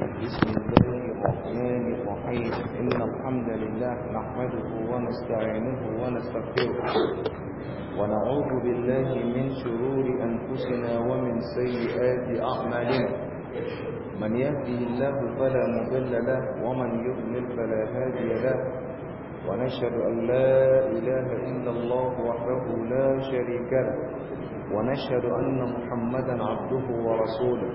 بسم الله الرحمن الرحيم إن الحمد لله نحمده ونستعينه ونستغفره ونعوذ بالله من شرور أنفسنا ومن سيئات أعمالنا من يهدي الله فلا مضل له ومن يضلل فلا هادي له ونشهد أن لا إله إلا الله وحده لا شريك له ونشهد أن محمدا عبده ورسوله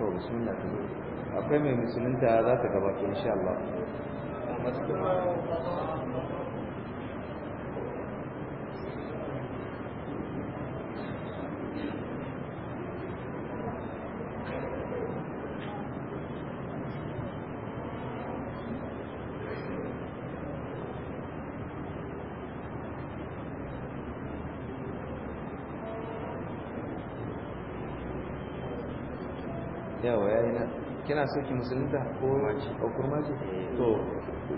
to bismillah ta zo akwai mai musulunta za ta gabata insha Allah yawa ya yi na kina so ki musulunta ko mace ce to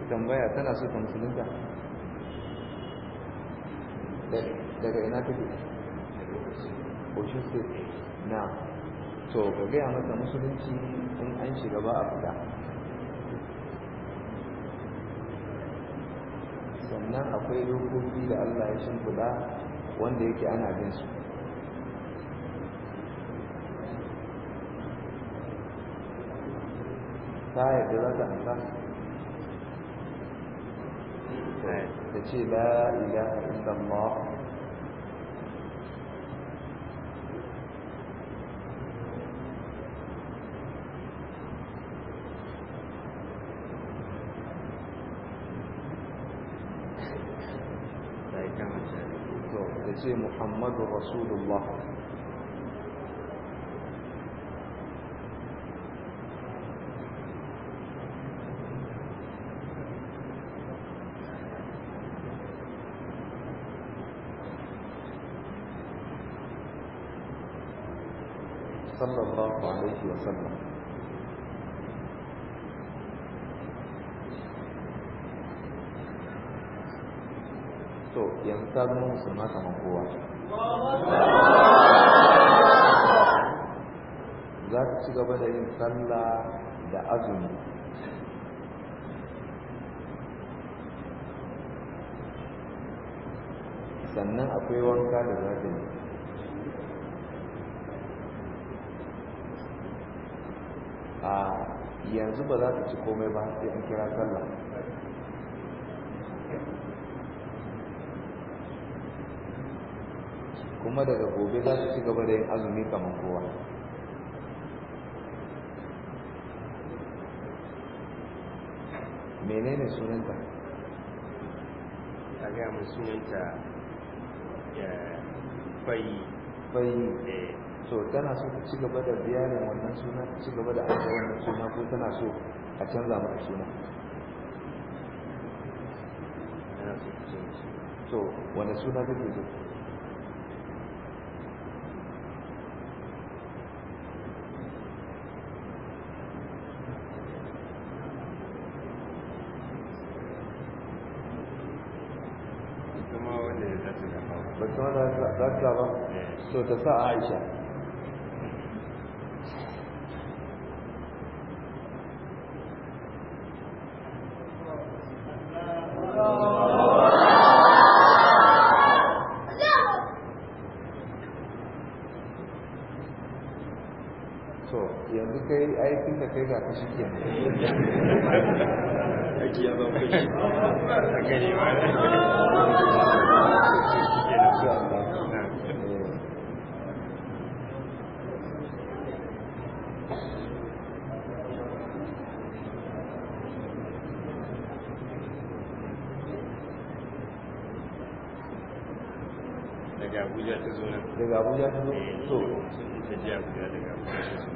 tambaya tana so ta musulunta daga ina ke ocean state na to ka gaya mata musulunci in an shiga ba a fita sannan akwai dokoki da Allah ya shimfiɗa wanda yake ana bin su sai da za ka amsa da ce la ilaha illallah da ce Muhammad rasulullah zama musulma kamar kowa za ta ci gaba da yin sallah da azumi sannan akwai wanka da za a yanzu ba za ta ci komai ba sai an kira sallah kuma daga gobe za su ci gaba da yin azumi kamar kowa menene sunanta a ga mai sunanta eh, fayi fayi eh. so tana so ta ci gaba da biyanin wannan suna ci gaba da aka wannan suna ko tana so a canza mata suna so wani suna take so 对，的再爱一下。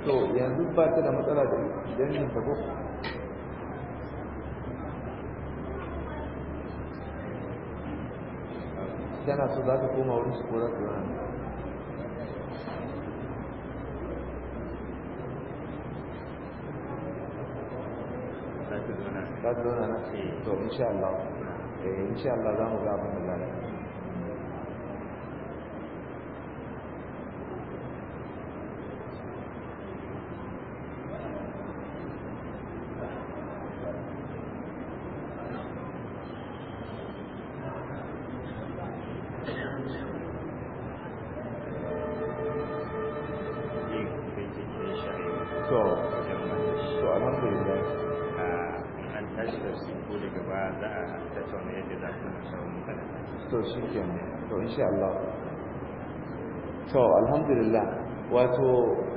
to yanzu ba ta da matsala da dangin ta ko tana su za ta koma wurin su ko za ta wani za ta zauna na ce eh. to insha Allah eh, insha Allah za mu ga abin da za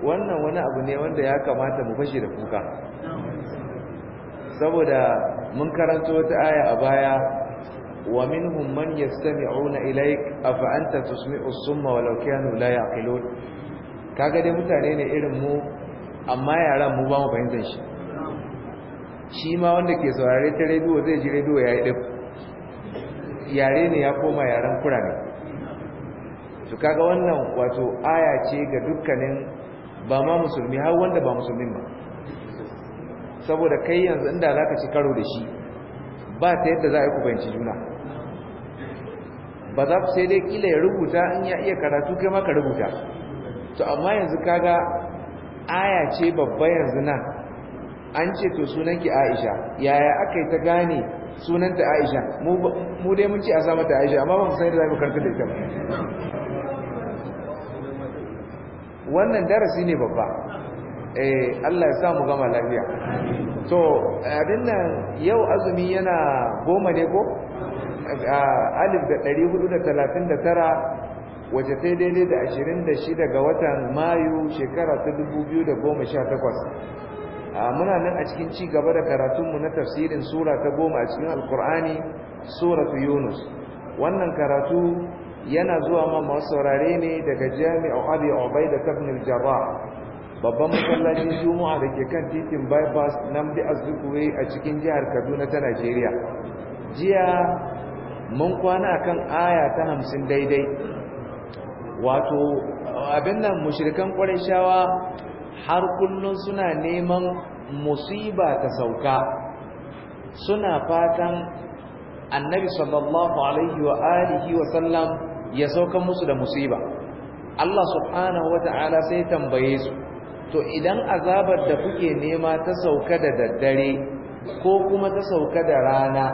wannan wani abu ne wanda ya kamata mu fashi da kuka saboda mun karanto wata aya a baya wa minhum man yastami'una ilayk afa anta tusmi'u summa walau kanu la yaqilun kaga dai mutane ne irin mu amma yaran mu ba mu fahimtar shi shi ma wanda ke saurare ta rediyo zai ji rediyo yayi dip yare ne ya koma yaren ne. to kaga wannan wato aya ce ga dukkanin ba ma musulmi har wanda ba musulmin ba saboda kai yanzu inda za ka ci karo da shi ba ta yadda za a yi kubanci juna ba za ku sai dai kila ya rubuta in ya iya karatu kai maka rubuta to amma yanzu kaga aya ce babba yanzu nan an ce to sunanki aisha yaya aka yi ta gane sunanta aisha mu dai mun ce a samata aisha amma ba mu sai da za mu karfi da ita ba wannan darasi ne babba eh Allah ya sa mu gama lafiya to abin nan yau azumi yana goma ne ko a da waje hudu da daidai da ashirin da shida ga watan mayu shekara ta dubu biyu da goma muna nan a cikin ci gaba da karatunmu na tafsirin sura ta goma a cikin alkur'ani suratu yunus wannan karatu yana zuwa ma masu saurare ne daga jami'a abi obai da kafin jarra babban masallacin juma'a da ke kan titin bypass namdi azukuwe a cikin jihar kaduna ta najeriya jiya mun kwana akan aya ta hamsin daidai wato abin nan mushrikan shawa har kullum suna neman musiba ta sauka suna fatan annabi sallallahu alaihi wa alihi wa sallam ya sauka musu da musiba Allah subhanahu wata'ala sai tambaye su to idan azabar da kuke nema ta sauka da daddare ko kuma ta sauka da rana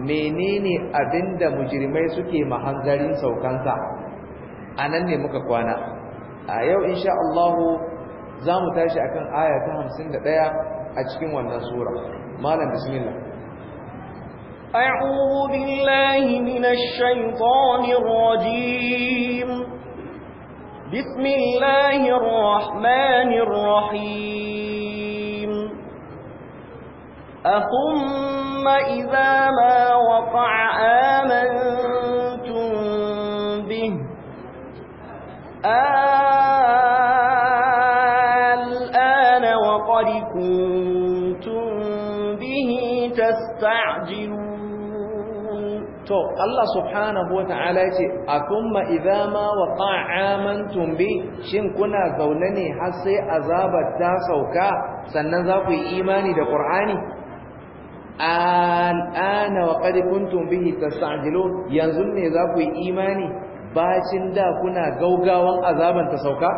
menene abinda mujrimai suke mahangarin saukansa anan ne muka kwana a yau insha Allah za mu tashi akan aya ta 51 a cikin wannan sura malam bismillah أعوذ بالله من الشيطان الرجيم بسم الله الرحمن الرحيم أثم إذا ما وقع آمنتم به الآن وقد كنتم به تستعجلون to Allah subhanahu wa ta'ala ya ce a kuma idza ma waqa amantum bi shin kuna zaune ne har sai azabar ta sauka sannan za ku yi imani da Qur'ani al'ana wa qad kuntum bihi tasta'jilun yanzu ne za ku yi imani bacin da kuna gaugawan azaban ta sauka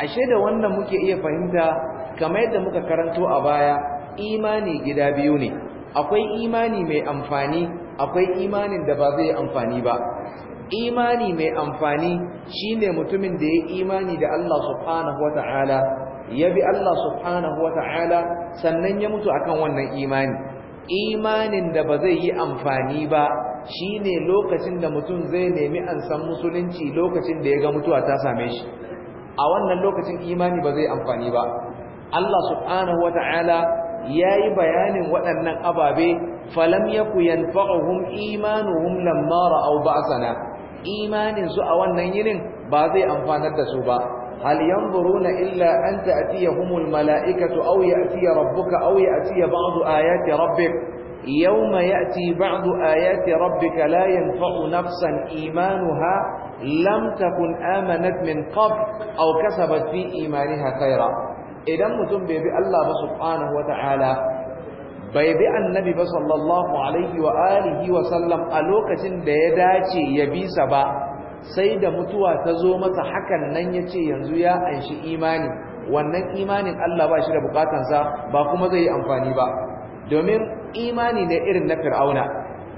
ashe da wannan muke iya fahimta kamar yadda muka karanto a baya imani gida biyu ne akwai imani mai amfani akwai imanin da ba zai yi amfani ba imani mai amfani shine mutumin da ya imani da Allah subhanahu wata'ala ya bi Allah subhanahu wata'ala sannan ya mutu akan wannan imani imanin da ba zai yi amfani ba shine lokacin da mutum zai nemi an san musulunci lokacin da ya ga mutuwa ta same shi a wannan lokacin imani ba zai amfani ba Allah subhanahu wata'ala ya yi bayanin waɗannan ababe falam yaku yanfa'uhum imanuhum lamma ra'aw ba'sana imanin su a wannan yinin ba zai amfanar da su ba hal yanzuruna illa an ta'tiyahumul mala'ikatu aw ya'tiya rabbuka aw ya'tiya ba'du ayati rabbik يوم يأتي بعض آيات ربك لا ينفع نفسا إيمانها لم تكن آمنت من قبل أو كسبت في إيمانها خيرا إذا متم بي الله سبحانه وتعالى bai bi annabi ba sallallahu alaihi wa alihi wa sallam a lokacin da ya dace ya bisa ba sai da mutuwa ta zo masa hakan nan ya ce yanzu ya anshi imani wannan imanin Allah ba shi da bukatansa ba kuma zai yi amfani ba domin imani ne irin na fir'auna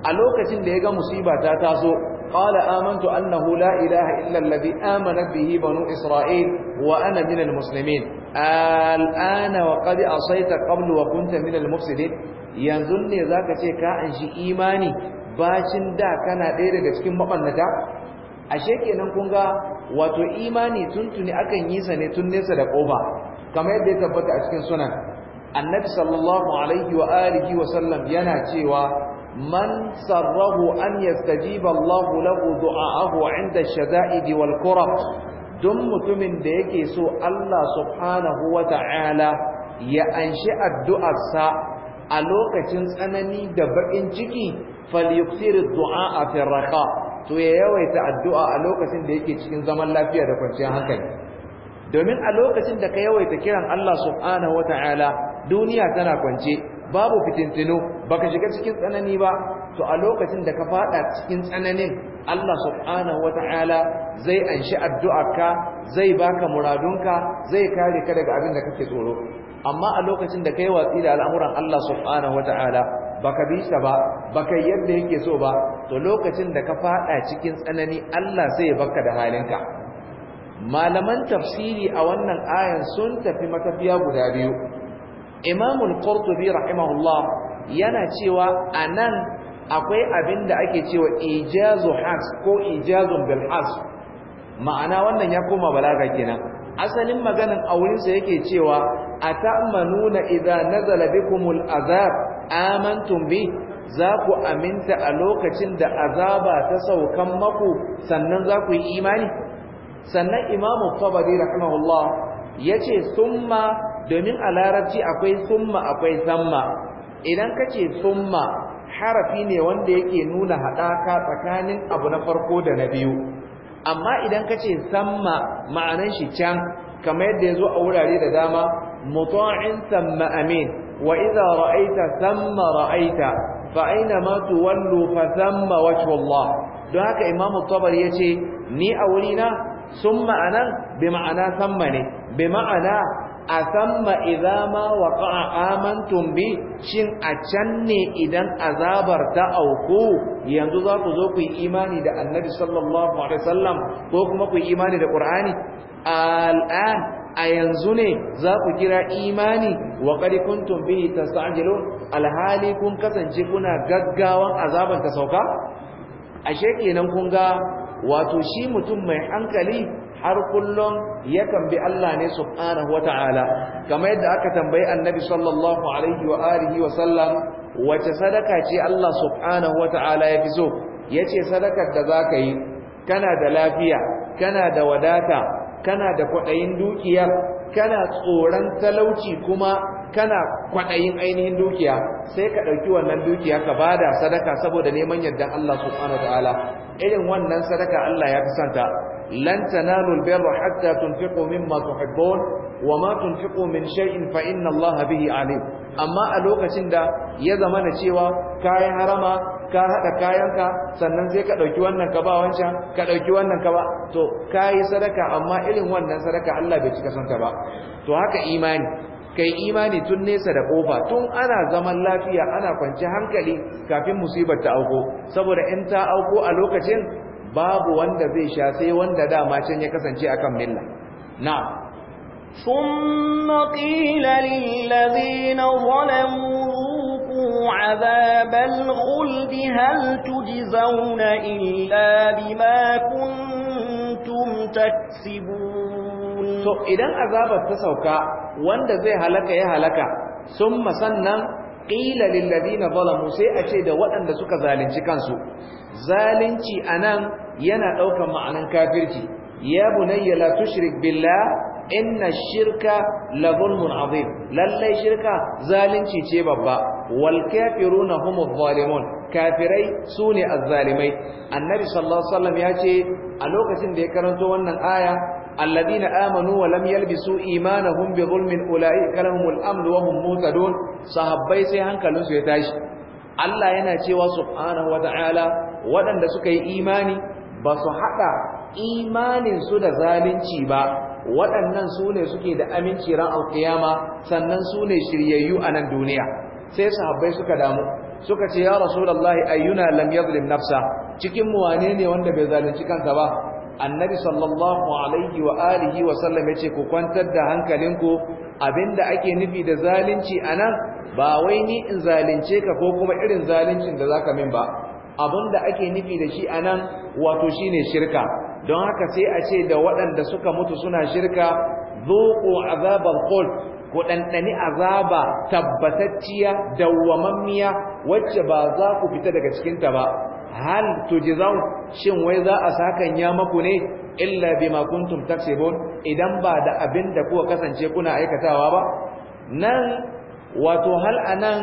a lokacin da ya ga musiba ta taso قال آمنت أنه لا إله إلا الذي آمنت به بنو إسرائيل وأنا من المسلمين al'ana wa qad asaita qablu wa kunta min mufsidin yanzu ne zaka ce ka an shi imani bacin da kana ɗaya daga cikin maɓannata ashe kenan kunga wato imani tuntuni akan yi sa ne tun nesa da ƙofa. kamar yadda ya tabbata a cikin sunan annabi sallallahu alaihi wa alihi wa sallam yana cewa man sarrahu an yastajiba Allahu lahu du'aahu 'inda ash-shada'id wal kurab don mutumin da yake so Allah subhanahu wa ta'ala ya anshi addu'arsa a lokacin tsanani da baƙin ciki falyuktir du'a a firraka to ya yawaita addu'a a lokacin da yake cikin zaman lafiya da kwanciyar hankali domin a lokacin da ka yawaita kiran Allah subhanahu wa ta'ala duniya tana kwance babu fitintino baka shiga cikin tsanani ba to a lokacin da ka fada cikin tsananin Allah subhanahu wata'ala zai anshi addu'arka zai baka muradunka zai kare ka daga abin da kake tsoro amma a lokacin da kai watsi da al'amuran Allah subhanahu wata'ala baka bi shi ba baka yadda yake so ba to lokacin da ka fada cikin tsanani Allah zai baka da halinka malaman tafsiri a wannan ayan sun tafi matafiya guda biyu imamul qurtubi rahimahullah yana cewa anan akwai abin da ake cewa ijazu has ko Ijazu bil has ma'ana wannan ya koma balaga kenan asalin maganan aurin sa yake cewa atamanuna idza nazala bikumul azab amantum bi za ku aminta a lokacin da azaba ta saukan maku sannan za ku yi imani sannan imamu tabari rahimahullah yace summa domin a larabci akwai summa akwai samma idan kace summa harafi ne wanda yake nuna haɗaka tsakanin abu na farko da na biyu amma idan ka ce samma ma'anan shi can kamar yadda ya zo a wurare da dama mutu'in samma amin wa iza ra'aita samma ra'aita fa aina ma tuwallu fa samma wajhu Allah don haka imamu tabari yace ni a wurina sun ma'anan bi ma'ana samma ne bi ma'ana A idza ma waqa'a amantum bi shin a can ne idan azabar ta auku yanzu za ku zo ku yi imani da annabi sallallahu alaihi wasallam ko kuma ku yi imani da qur'ani al'an a yanzu ne za ku kira imani wa qad kuntum alhali kun kasance kuna gaggawan azabar ta sauka ashe kenan kun ga wato shi mutum mai hankali har kullum yakan bi Allah ne subhanahu wata'ala kamar yadda aka tambayi annabi sallallahu alaihi wa alihi wa sallam wace sadaka ce Allah subhanahu wata'ala ya fi so yace sadakar da zaka yi kana da lafiya kana da wadata kana da kwadayin dukiya kana tsoron talauci kuma kana kwadayin ainihin dukiya sai ka dauki wannan dukiya ka bada sadaka saboda neman yardan Allah subhanahu wata'ala irin wannan sadaka Allah ya fi santa لن تنالوا البر حتى تنفقوا مما تحبون وما تنفقوا من شيء فإن الله به عليم أما ألوكة دا يزمن شيوا كاي هرما ka haɗa kayanka sannan sai ka ɗauki wannan ka ba wancan ka ɗauki wannan ka ba to ka yi sadaka amma irin wannan sadaka Allah bai cika son ta ba to haka imani kai imani tun nesa da ƙofa tun ana zaman lafiya ana kwanci hankali kafin musibar ta auko saboda in ta auko a lokacin babu wanda zai sha sai wanda dama can ya kasance akan milla na. ثم قيل للذين ظلموا ذوقوا عذاب الخلد هل تجزون إلا بما كنتم idan azabar ta sauka wanda zai halaka ya halaka summa sannan qila lil ladina zalamu sai a ce da waɗanda suka zalunci kansu zalunci anan yana ɗaukan ma'anin kafirci ya bunayya la tushrik billah inna shirka la zulmun azim lallai shirka zalunci ce babba wal kafiruna humuz zalimun kafirai sune azzalimai annabi sallallahu alaihi wasallam ya ce a lokacin da ya karanto wannan aya الذين آمنوا ولم يلبسوا إيمانهم بظلم أولئك لهم الأمن وهم مهتدون صحابي sai hankalin su ya tashi Allah yana cewa subhanahu wataala waɗanda suka yi imani ba su haɗa imaninsu da zalunci ba waɗannan su ne suke da aminci ran alƙiyama sannan su ne shiryayyu a nan duniya sai su sahabbai suka damu suka ce ya rasulullahi ayyuna lam yadhlim nafsa cikin mu wane ne wanda bai zalunci kansa ba annabi sallallahu alaihi wa alihi wa sallam yace ku kwantar da hankalinku abinda ake nufi da zalunci anan ba wai ni in zalunce ka ko kuma irin zaluncin da zaka min ba abin da ake nufi da shi anan wato shi ne shirka don haka sai a ce da waɗanda suka mutu suna shirka zuqu azabar kol ku ɗanɗani azaba tabbatacciya dawwamammiya wacce ba za ku fita daga cikinta ba hal to tujzaun shin wai za a sakan ya maku ne illa bima kuntum taksibun idan ba da abin da kuka kasance kuna aikatawa ba nan wato hal anan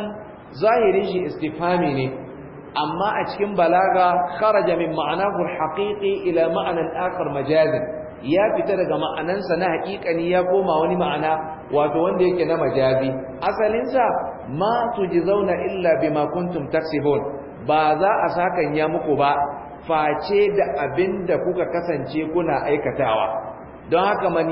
zahirin shi istifami ne amma a cikin balaga kharaja min ma'anahu al-haqiqi ila ma'anan akhar majazan ya fita daga ma'anansa na haƙiƙani ya koma wani ma'ana wato wanda yake na majazi asalinsa sa ma tujzauna illa bima kuntum taksibun ba za a sakan ya muku ba face da abinda kuka kasance kuna aikatawa don haka man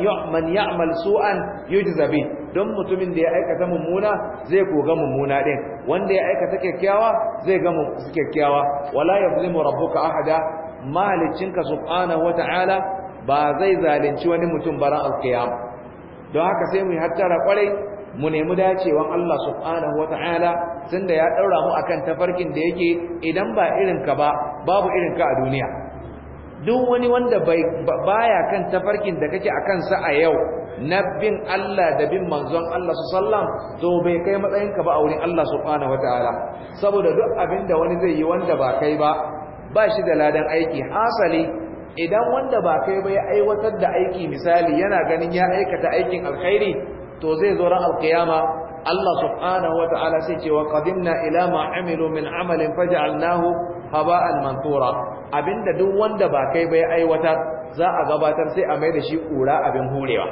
ya'mal su'an yujza bih don mutumin da ya aikata mummuna zai koga mummuna din wanda ya aikata kyakkyawa zai ga kyakkyawa wala yazlimu rabbuka ahada malicinka subhanahu wata'ala ba zai zalunci wani mutum bara alqiyam don haka sai mu hattara kwarai mu nemi dacewan Allah subhanahu wata'ala tunda ya ɗaura mu akan tafarkin da yake idan ba irinka ba babu irin a duniya duk wani wanda baya kan tafarkin da kake a kansa a yau na bin Allah da bin manzon Allah su sallam to bai kai matsayinka ba a wurin Allah subhanahu wataala saboda duk abin da wani zai yi wanda ba kai ba ba shi da ladan aiki hasali idan wanda ba kai ba ya aiwatar da aiki misali yana ganin ya aikata aikin alkhairi to zai zo ran alkiyama Allah subhanahu wataala sai ce wa qadimna ila ma amilu min amalin faj'alnahu haba'an manthura abinda duk wanda ba kai bai aiwatar za a gabatar sai a mai da shi kura abin hurewa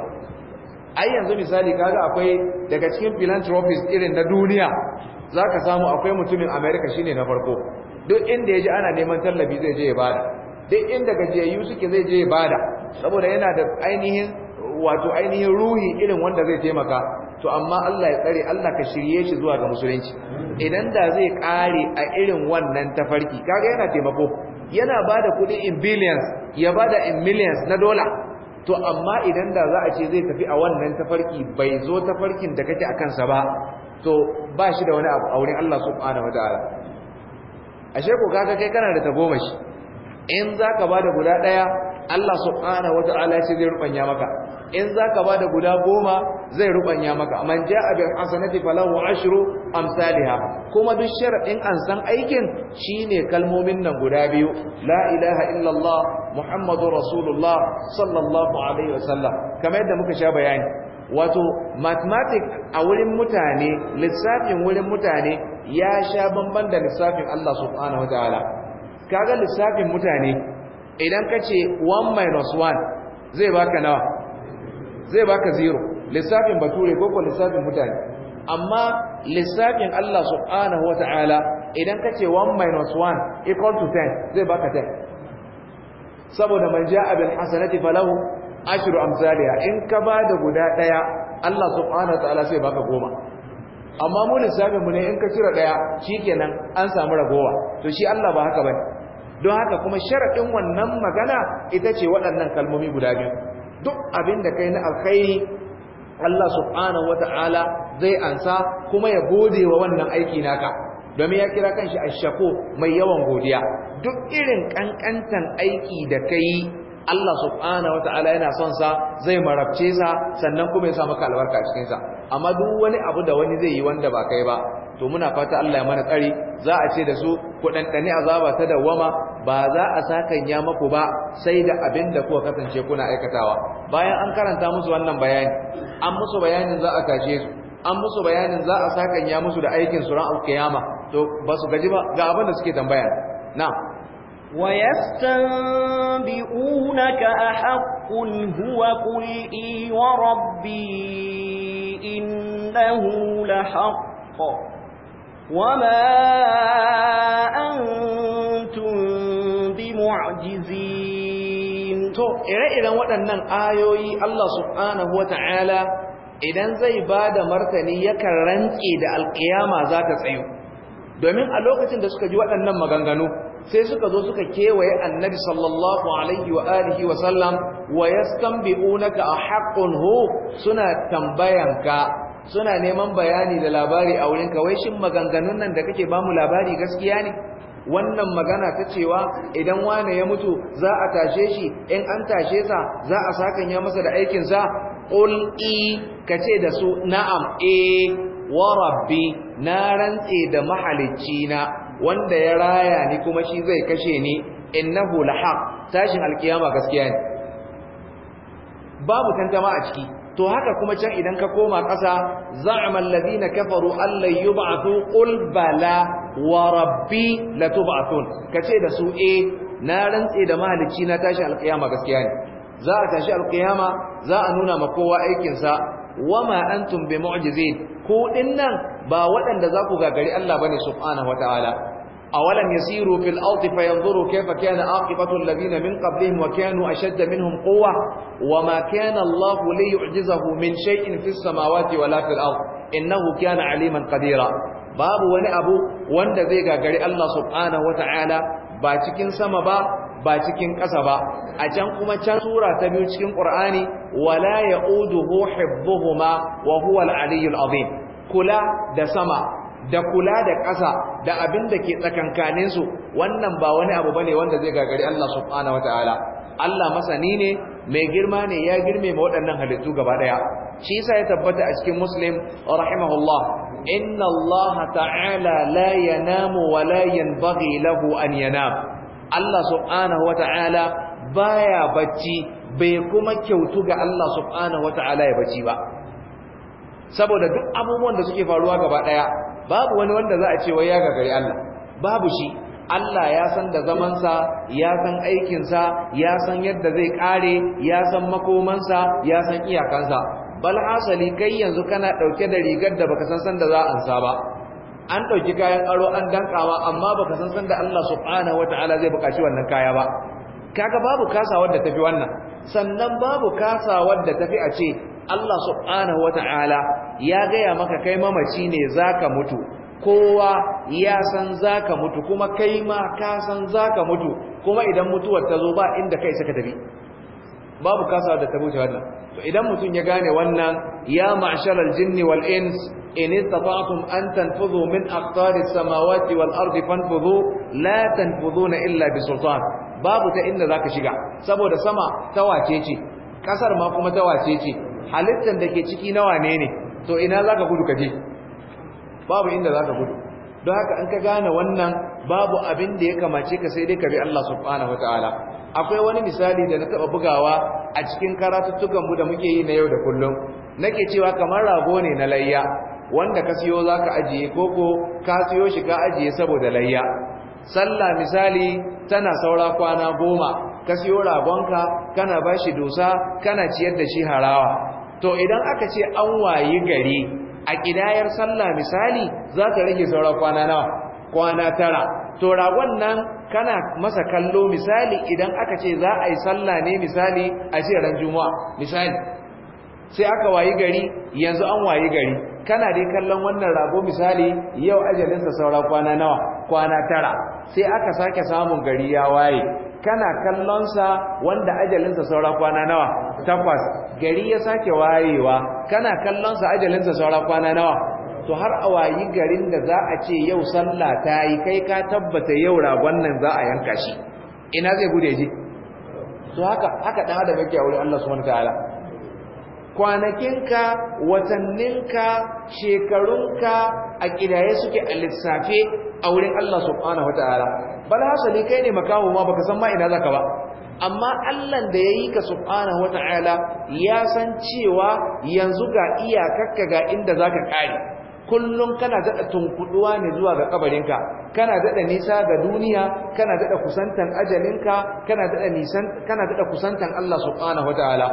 ai yanzu misali kaga akwai daga cikin philanthropies irin na duniya zaka samu akwai mutumin America shine na farko duk inda yaji ana neman tallafi zai je ya bada duk inda gajiyayyu suke zai je ya bada saboda yana da ainihin wato ainihin ruhi irin wanda zai taimaka to amma Allah ya tsare Allah ka shirye shi zuwa ga musulunci idan da zai kare a irin wannan tafarki kaga yana taimako yana ba da kudi in billions ya ba da in millions na dola to amma idan da za a ce zai tafi a wannan tafarki bai zo tafarkin da kake a kansa ba to ba shi da wani abu a wurin Allah subhanahu wataala ashe ko kaga kai kana da tagomashi in zaka da guda daya Allah subhanahu wataala ce zai rubanya maka in za ka ba da guda goma zai rubanya maka man ja bil hasanati falahu ashru amsalha kuma duk sharadin an san aikin shine kalmomin nan guda biyu la ilaha illallah muhammadur rasulullah sallallahu alaihi wasallam kamar yadda muka sha bayani wato mathematics a wurin mutane lissafin wurin mutane ya sha bamban da lissafin Allah subhanahu wataala kaga lissafin mutane idan kace 1 minus 1 zai baka nawa zai baka zero lissafin bature ko ko lissafin mutane amma lissafin Allah subhanahu wataala idan kace 1 minus 1 equal to 10 zai baka 10 saboda man ja'a bil hasanati falahu ashru amsalha in ka bada guda daya Allah subhanahu wataala sai baka goma amma mu lissafin mu ne in ka cire daya shikenan an samu ragowa to shi Allah ba haka bane don haka kuma sharadin wannan magana ita ce waɗannan kalmomi guda biyu duk abinda kai na alkhairi Allah subhanahu wata'ala zai ansa kuma ya gode wa wannan aiki naka domin ya kira kanshi ashako mai yawan godiya duk irin kankantan aiki da kai Allah subhanahu wata'ala yana son sa zai marabce sa sannan kuma ya sa maka albarka cikin sa amma duk wani abu da wani zai yi wanda ba kai ba to muna fata Allah ya mana tsari za a ce da su ku dandane azaba ta dawwama ba za a sakan ya maku ba sai da abinda da kuka kasance kuna aikatawa bayan an karanta musu wannan bayani an musu bayanin za a tashe su an musu bayanin za a sakanya musu da aikin su ran alkiyama to ba su gaji ba ga abin da suke tambaya na wa yastanbi'unaka ahaqqun huwa qul i wa rabbi innahu lahaqq ma antum bimu'jizin ire-iren waɗannan ayoyi Allah subhanahu wata'ala idan zai ba da martani yakan rantse da alƙiyama za ta tsayo domin a lokacin da suka ji waɗannan maganganu sai suka zo suka kewaye annabi sallallahu alaihi wa alihi wa sallam wa yastanbi'unaka a hu suna tambayanka suna neman bayani da labari a wurin wai shin maganganun nan da kake bamu labari gaskiya ne wannan magana ta cewa idan wane ya mutu za a tashe shi in an tashe sa za a sakanya masa da aikin sa i ka ce da su na'am e wa rabbi na rantse da mahalicci na wanda ya raya ni kuma shi zai kashe ni innahu lahaq tashin alkiyama gaskiya ne babu tantama a ciki to haka kuma can idan ka koma ƙasa za'amal ladina kafaru Allah yub'athu qul bala wa rabbi latub'atun kace da su eh na rantse da maliki na tashi alqiyama gaskiya ne za a tashi alqiyama za a nuna ma kowa aikin sa wama antum bi mu'jizin ko dinnan ba waɗanda za ku gagari Allah bane subhanahu wataala awalam yasiru fil ard fa yanzuru kayfa kana aqibatu alladhina min qablihim wa kanu ashadda minhum kowa? wama kana Allah liyu'jizahu min shay'in fis samawati wala filau. ard innahu kana aliman Kadira. babu wani abu wanda zai gagari Allah subhanahu wata'ala ba cikin sama ba ba cikin ƙasa ba a can kuma can sura ta biyu cikin Kur'ani wala ya'uduhu hibbuhuma wa huwa al-aliyyul azim kula da sama da kula da ƙasa da abin da ke tsakankaninsu wannan ba wani abu ne wanda zai gagari Allah subhanahu wataala Allah masani ne mai girma ne ya girme ma waɗannan halittu gaba ɗaya. shi yasa ya tabbata a cikin Muslim rahimahullah inna Allah ta'ala la yanamu wa la yanbaghi lahu an yanam Allah subhanahu baya bacci bai kuma kyautu ga Allah subhanahu wa ya bacci ba saboda duk abubuwan da suke faruwa gaba daya babu wani wanda za a ce wai ya gagari Allah babu shi Allah ya san da zamansa ya san aikinsa ya san yadda zai kare ya san makomansa ya san iyakansa bal asali kai yanzu kana dauke da rigar da baka san san da za a ansa ba an dauki kayan aro an dankawa amma baka san san da Allah subhanahu wataala zai buƙaci wannan kaya ba kaga babu kasawar da tafi wannan sannan babu kasawar da tafi a ce Allah subhanahu wataala ya gaya maka kai mamaci ne zaka mutu kowa ya san zaka mutu kuma kai ma ka san zaka mutu kuma idan mutuwar ta zo ba inda kai saka tafi babu kasa da ta wuce wannan to idan mutum ya gane wannan ya ma'sharal jinni wal ins in istata'tum an tanfudhu min aqtari samawati wal ardi fanfudhu la tanfudhuna illa bi sultan babu ta inda zaka shiga saboda sama ta wace ce kasar ma kuma ta wace ce halittan da ke ciki nawa ne ne to ina zaka gudu kaje babu inda zaka gudu don haka an ka gane wannan babu abin da ya kamace ka sai dai ka bi Allah subhanahu ta'ala. akwai wani misali da na taba bugawa a cikin karatuttukanmu da muke yi na yau da kullum nake cewa kamar rago ne na layya wanda ka siyo zaka ajiye koko ka siyo shi ka ajiye saboda layya sallah misali tana saura kwana goma ka siyo ragonka kana ba shi dusa kana ciyar da shi harawa to idan aka ce an wayi gari a ƙidayar sallah misali za ta rage saura kwana nawa kwana tara to ragon nan kana masa kallo misali idan aka ce za a yi sallah ne misali a ce ran juma'a misali sai aka wayi gari yanzu an wayi gari kana dai kallon wannan rago misali yau ajalinsa saura kwana nawa kwana tara sai aka sake samun gari ya waye kana kallonsa wanda ajalinsa saura kwana nawa takwas gari ya sake wayewa kana kallonsa ajalinsa saura kwana nawa to har a wayi garin da za a ce yau sallah ta yi kai ka tabbata yau ragon nan za a yanka shi ina zai gude ji to haka haka dan adam yake aure Allah subhanahu wataala kwanakinka watanninka shekarunka a kidaye suke a lissafe a wurin Allah subhanahu wataala bal hasali kai ne makawo ma baka san ma ina zaka ba amma Allah da yayi ka subhanahu wa ta'ala ya san cewa yanzu ga iyakarka ga inda za ka kullum kana daɗa tunkuduwa ne zuwa ga ƙabarinka. kana daɗa nisa ga duniya kana daɗa kusantan ajalinka kana daɗa kusantan Allah subhanahu Ta'ala.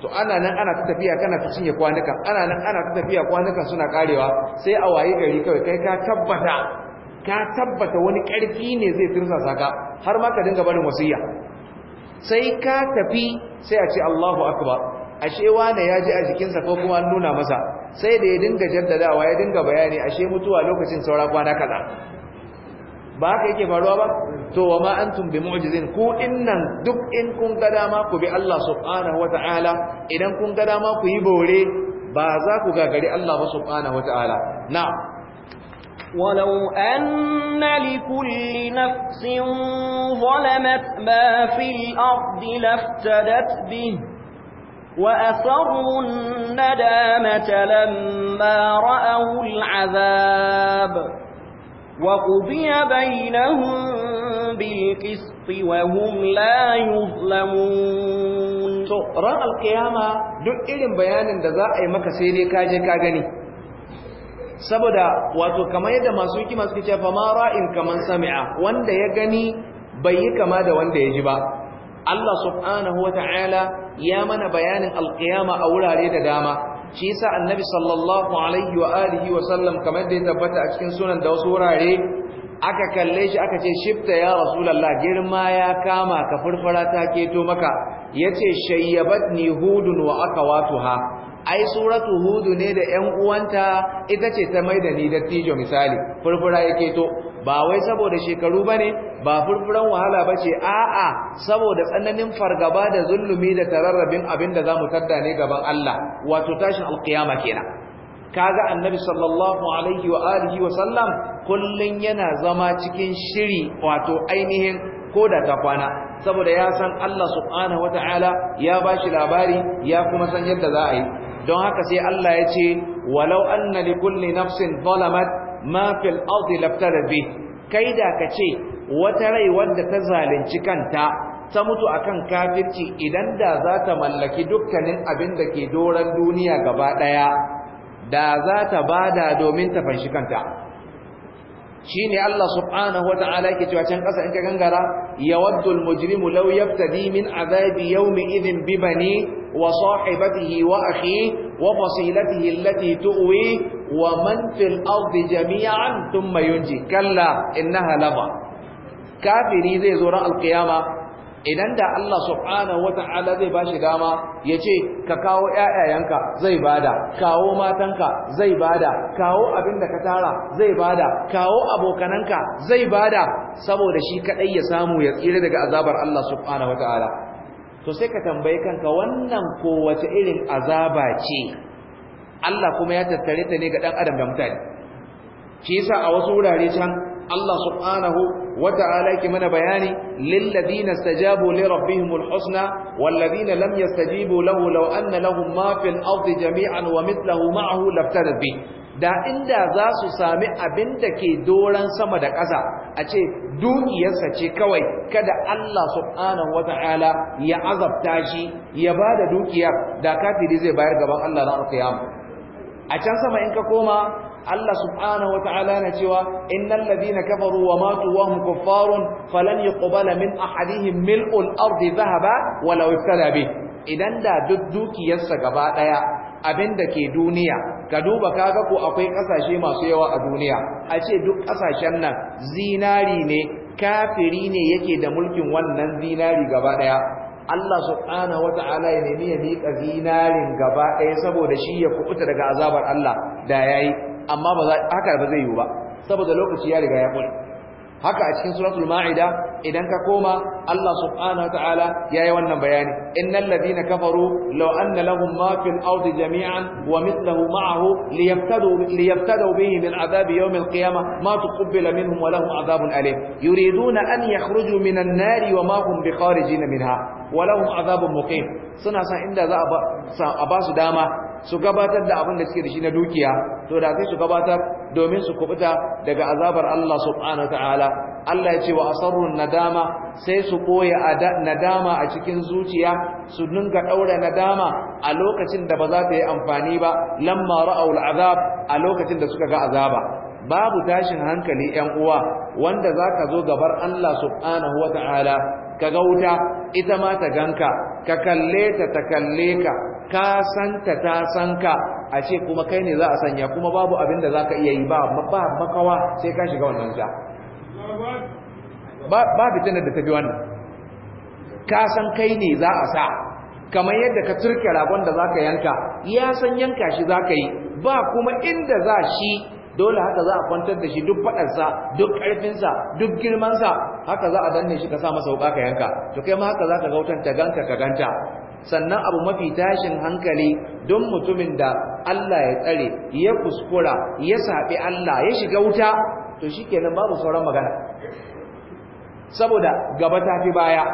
to ana nan ana ta tafiya kana ta cinye kwanukan ana nan ana ta tafiya kwanukan suna karewa sai a waye gari kawai kai ka tabbata ka tabbata wani ƙarfi ne zai tursasa ka har ma ka dinga barin wasiya sai ka tafi sai a ce Allahu akbar ashe wane ya ji a jikinsa ko kuma an nuna masa sai da ya dinga jaddadawa ya dinga bayani ashe mutuwa lokacin saura kwana kaza ba haka yake faruwa ba to wa ma antum bi mu'jizin ku innan duk in kun ga dama ku bi Allah subhanahu wata'ala idan kun ga dama ku yi bore ba za ku gagari Allah ba subhanahu wata'ala na'am ولو أن لكل نفس ظلمت ما في الأرض لافتدت به وأسروا الندامة لما رأوا العذاب وقضي بينهم بالقسط وهم لا يظلمون to ran alkiyama duk irin bayanin da za a yi maka sai dai kaje ka gani saboda wato kamar yadda masu hikima suke fa ma ra'in kaman sami'a wanda ya gani bai yi kama da wanda ya ji ba Allah subhanahu wata'ala ya mana bayanin alkiyama a wurare da dama shi yasa annabi sallallahu alaihi wa alihi wa sallam kamar da ya tabbata a cikin sunan da wasu wurare aka kalle shi aka ce shifta ya rasulullah girma ya kama ka furfura ta keto maka yace shayyabatni hudun wa akawatuha ai suratu hudu ne da ƴan uwanta ita ce ta maida ni dattijo misali furfura yake to ba wai saboda shekaru bane ba furfuran wahala bace a'a saboda tsananin fargaba da zulumi da tararrabin abinda zamu tadda ne gaban Allah wato tashin alqiyama kenan kaga annabi sallallahu alaihi wa alihi wa sallam kullun yana zama cikin shiri wato ainihin koda ta kwana saboda ya san Allah subhanahu wataala ya bashi labari ya kuma san yadda za a yi don haka sai Allah ya ce walau anna li nafsin zalamat ma fil ardi bi kai da ka ce wata rai wanda ta zalunci kanta ta mutu akan kafirci idan da za ta mallaki dukkanin abin da ke doran duniya gaba ɗaya, da za ta bada domin ta fanshi kanta shine Allah subhanahu ta'ala ke cewa can ƙasa in ka gangara yawaddul mujrimu law yaftadi min azabi yawmi idhin bibani wa sahibatihi wa akhi wa fasilatihi allati tu'wi wa man fil ardi jami'an thumma yunji kalla innaha halaba. kafiri zai zo ran alqiyama idan da Allah subhanahu wata'ala zai bashi dama yace ka kawo ƴaƴayenka zai bada kawo matanka zai bada kawo abinda ka tara zai bada kawo abokananka zai bada saboda shi kadai ya samu ya tsira daga azabar Allah subhanahu wata'ala to sai ka tambaye kanka wannan ko wace irin azaba ce Allah kuma ya tattare ta ne ga dan adam da mutane shi yasa a wasu wurare can Allah subhanahu wata'ala yake mana bayani lil ladina stajabu li rabbihimul husna wal ladina lam yastajibu lahu law anna lahum ma fil ardi jami'an wa mithluhu ma'ahu laftadat bi da inda za su sami abin da ke doran sama da ƙasa a ce dukiyarsa ce kawai kada Allah subhanahu wata'ala ya azabta shi ya bada dukiya da kafiri zai bayar gaban Allah na alƙiyama a can sama in ka koma Allah subhanahu wataala na cewa innal ladina kafaru wa matu wa hum kuffarun falan yuqbala min ahadihim mil'ul ardi dhahaba walau iftara bi idan da duk dukiyarsa gaba daya abinda ke duniya ka duba kaga ko akwai kasashe masu yawa a duniya a ce duk kasashen nan zinari ne kafiri ne yake da mulkin wannan zinari gaba daya Allah subhanahu wata'ala ya nemi ya miƙa zinarin gaba ɗaya saboda shi ya kuɓuta daga azabar Allah da yi. amma ba haka ba zai yiwu ba saboda lokaci ya riga ya ƙure haka a cikin suratul ma'ida idan ka koma Allah subhanahu wataala yayi wannan bayani innal ladina kafaru law anna lahum ma fil ardi jami'an wa mithluhu ma'ahu liyaftadu liyaftadu bihi min adhab yawm al qiyamah ma tuqbila minhum wa lahum adhabun alim yuriduna an yakhruju min an nari wa ma hum bikharijin minha wa lahum adhabun muqim suna sa inda za a ba su dama su gabatar da abin da suke da shi na dukiya to da sai su gabatar domin su kubuta daga azabar Allah subhanahu wataala Allah ya ce wa asarrun nadama sai su koya nadama a cikin zuciya su dinga daura nadama a lokacin da ba za ta yi amfani ba lamma ra'aul azab a lokacin da suka ga azaba babu tashin hankali ƴan uwa wanda zaka zo gabar Allah subhanahu wataala ka ga wuta ita ma ta ganka ka kalle ta ta kalle ka ka san ta ta san ka a ce kuma kai ne za a sanya kuma babu abin da zaka iya yi ba makawa sai ka shiga wannan ta ba fitinar da tafi wannan ka san kai ne za a sa kamar yadda ka turke ragon da za ka yanka ya san yanka shi za ka yi ba kuma inda za shi dole haka za a kwantar da shi duk faɗarsa duk ƙarfinsa duk girmansa haka za a danne shi ka sa masa wuƙa ka yanka to kai ma haka za ka gautan ta ganka ka ganta sannan abu mafi tashin hankali don mutumin da Allah ya tsare ya kuskura ya saɓi Allah ya shiga wuta to shi kenan babu sauran magana saboda gaba ta fi baya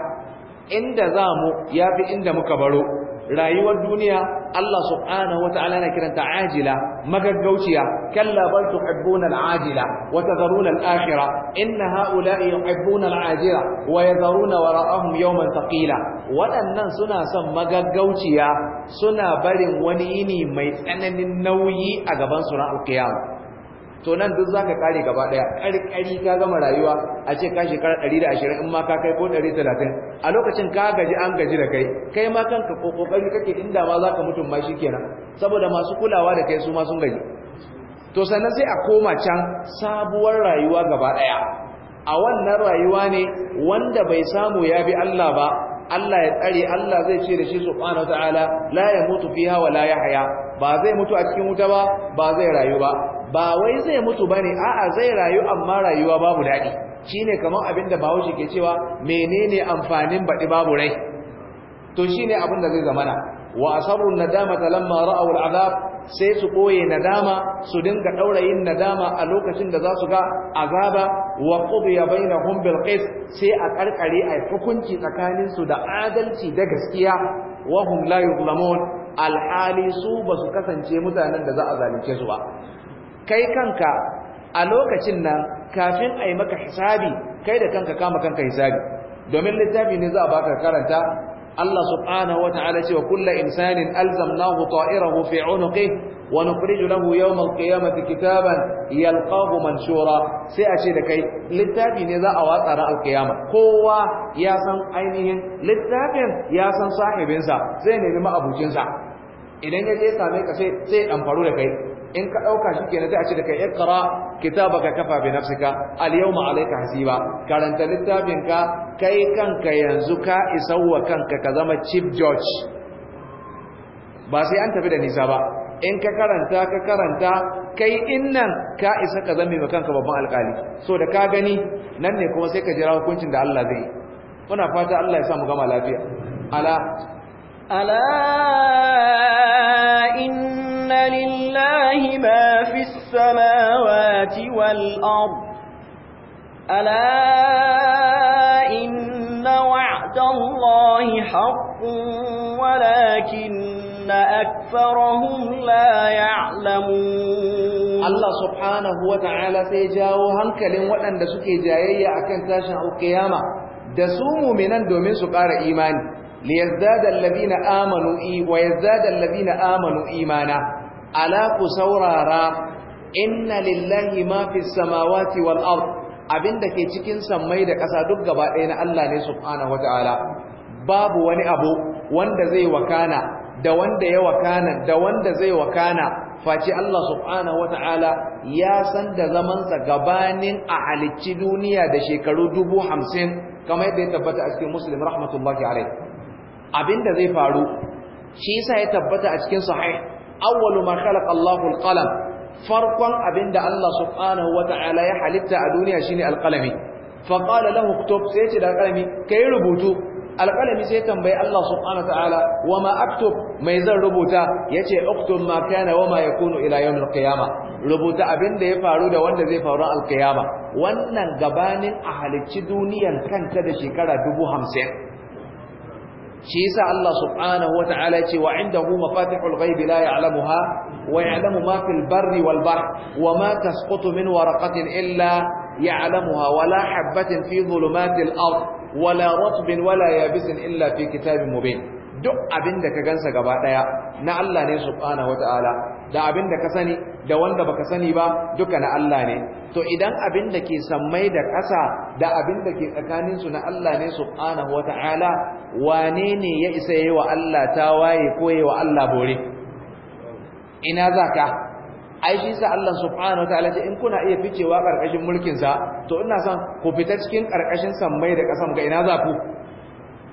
inda za mu ya fi inda muka baro rayuwar duniya Allah subhanahu wa ta'ala na kiranta ajila magaggauciya kalla bal tuhibbuna al-ajila wa tadharuna al-akhira inna ha'ula'i yuhibbuna al-ajila wa yadharuna wara'ahum yawman thaqila waɗannan suna son magaggauciya suna barin wani yini mai tsananin nauyi a gaban su ran al to nan duk zaka kare gaba daya karkari ka gama rayuwa a ce ka shekara 120 in ma ka kai ko 130 a lokacin ka gaji an gaji da kai kai ma kanka ko kokari kake inda ma zaka mutum ma shikenan saboda masu kulawa da kai su ma sun gaji to sannan sai a koma can sabuwar rayuwa gaba daya a wannan rayuwa ne wanda bai samu ya bi Allah ba Allah ya tsare Allah zai ce da shi subhanahu wataala la yamutu fiha wa la yahya ba zai mutu a cikin wuta ba ba zai rayu ba ba wai zai mutu ba bane a'a zai rayu amma rayuwa babu dadi shine kamar abinda shi ke cewa menene amfanin baɗi babu rai to shine abin da zai na. wa asarru nadamata lamma ra'aw al'azab sai su ɓoye nadama su dinga daurayin nadama a lokacin da za su ga azaba wa qudiya bainahum bil qist sai a karkare a hukunci tsakanin su da adalci da gaskiya wa hum la yuzlamun alhali su basu kasance mutanen da za a zalunce su ba kai kanka a lokacin nan kafin a yi maka hisabi kai da kanka kama kanka hisabi domin littafi ne za a baka karanta Allah subhanahu wa ta'ala cewa kullu insanin alzamnahu ta'irahu fi 'unuqihi wa nukhriju lahu yawm al-qiyamati kitaban yalqahu manshura sai a ce da kai littafi ne za a watsa ran al-qiyama kowa ya san ainihin littafin ya san sahibinsa sai nemi abucin sa idan ya je same ka sai sai dan faru da kai in ka dauka shikenan sai a ce da kai iqra kitabaka kafa bi nafsika al yawma alayka hasiba karanta littafin ka kai kanka yanzu ka isawwa kanka ka zama chief judge ba sai an tafi da nisa ba in ka karanta ka karanta kai innan ka isa ka zame ma kanka babban alkali so da ka gani nan ne kuma sai ka jira hukuncin da Allah zai muna fata Allah ya sa mu gama lafiya ala ala inna lil لله ما في السماوات والأرض ألا إن وعد الله حق ولكن أكثرهم لا يعلمون الله سبحانه وتعالى سيجاو هنكلم وأن دسوكي جايي أكن تاشن القيامة دسوموا من دومين سقار إيمان ليزداد الذين آمنوا ويزداد الذين آمنوا إيمانا ala ku saurara inna lillahi ma fi samawati wal ard abinda ke cikin sammai da ƙasa duk gaba ɗaya na Allah ne subhanahu wataala babu wani abu wanda zai wakana da wanda ya wakana da wanda zai wakana face Allah subhanahu wataala ya san da zamansa gabanin a halicci duniya da shekaru dubu hamsin kamar yadda ya tabbata a cikin muslim rahmatullahi alaihi abinda zai faru shi yasa ya tabbata a cikin sahih awwalu ma khalaqa Allahu al-qalam farkon abinda Allah subhanahu Ta'ala ya halitta a duniya shine al-qalami fa qala lahu uktub sai ce da al-qalami kai rubutu al-qalami sai tambayi Allah subhanahu Ta'ala, wa ma aktub mai zan rubuta yace uktub ma kana wa ma yakunu ila yawm al-qiyama rubuta abinda ya faru da wanda zai faru al-qiyama wannan gabanin a duniyar kanta da shekara 50 shi yasa Allah subhanahu wataala yace wa indahu mafatihul ghaibi la ya'lamuha wa ya'lamu ma fil barri wal bahr wa ma tasqutu min waraqatin illa ya'lamuha wa la habatin fi dhulumatil ard wa la ratbin wa la yabisin illa fi kitabin mubin duk abinda ka gansa gaba daya na Allah ne subhanahu wataala da abinda ka sani da wanda baka sani ba duka na Allah ne to idan abin da ke sammai da ƙasa da abin da ke tsakanin su na Allah ne subhanahu wata'ala wane ne ya isa yayi wa Allah waye ko yayi wa Allah bore ina zaka ai shi sa Allah subhanahu wata'ala ce in kuna iya ficewa ƙarƙashin mulkinsa, to ina son ku fita cikin karkashin sammai da ƙasan ga ina za ku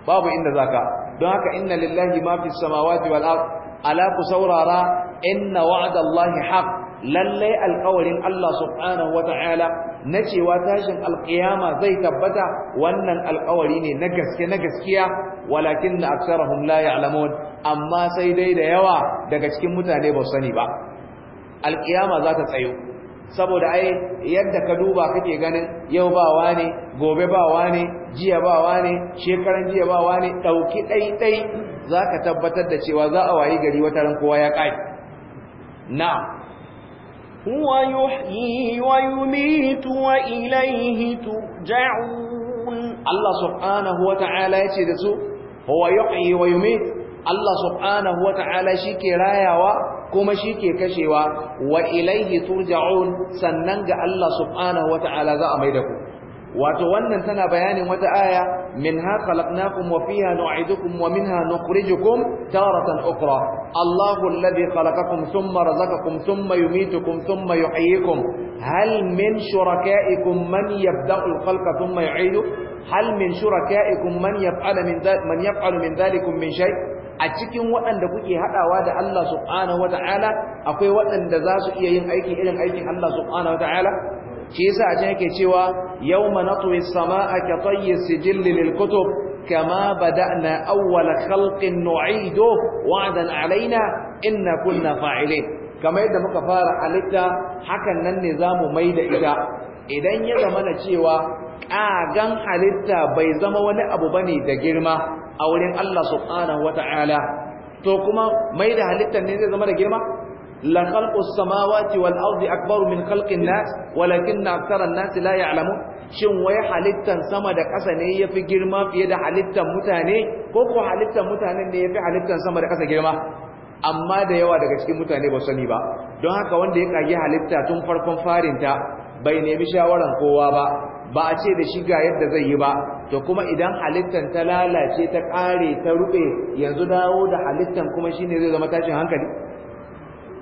babu inda zaka don haka inna lillahi ma fi samawati wal ard ala ku saurara inna wa'adallahi haqq lallai alƙawarin Allah subhanahu wata'ala na cewa tashin alƙiyama zai tabbata wannan alƙawari ne na gaske na gaskiya walakin na aksarahum la ya'lamun amma sai dai da yawa daga cikin mutane ba sani ba alƙiyama za ta tsayo saboda ai yadda ka duba kake ganin yau ba wane gobe ba wane jiya ba wane shekaran jiya ba wane ɗauki ɗaiɗai za ka tabbatar da cewa za a wayi gari wata ran kowa ya kai na هو يحيي ويميت وإليه ترجعون الله سبحانه وتعالى يتدسو هو يحيي ويميت الله سبحانه وتعالى شكي رايوا كما شكي كشوا وإليه ترجعون سننغ الله سبحانه وتعالى ذا أميدكم wato wannan tana bayanin wata aya منها خلقناكم وفيها نعيدكم ومنها نخرجكم تارة أخرى الله الذي خلقكم ثم رزقكم ثم يميتكم ثم يحييكم هل من شركائكم من يبدأ الخلق ثم يعيده هل من شركائكم من يفعل من ذلك من يفعل من ذلك من شيء a cikin waɗanda kuke haɗawa da Allah subhanahu wata'ala akwai waɗanda za su iya yin aiki irin aikin Allah subhanahu wata'ala shi yasa a can yake cewa yawma natwi samaa ka tayyi sijil lil kutub kama bada'na awwal khalqin nu'idu wa'dan alaina inna kunna fa'ilin kama yadda muka fara halitta hakan nan ne zamu da ita idan ya zama na cewa kagan halitta bai zama wani abu bane da girma a wurin Allah subhanahu wata'ala to kuma mai da halittar ne zai zama da girma la khalqus samawati wal ardi akbaru min khalqin nas walakinna aktharan nas la ya'lamun shin wai halittan sama da ƙasa ne yafi girma fiye da halittan mutane ko ko halittan mutanen ne yafi halittan sama da ƙasa girma amma da yawa daga cikin mutane ba sani ba don haka wanda ya kage halitta tun farkon farinta bai nemi shawaran kowa ba ba a ce da shi ga yadda zai yi ba to kuma idan halittan ta lalace ta kare ta rube yanzu dawo da halittan kuma shine zai zama tashin hankali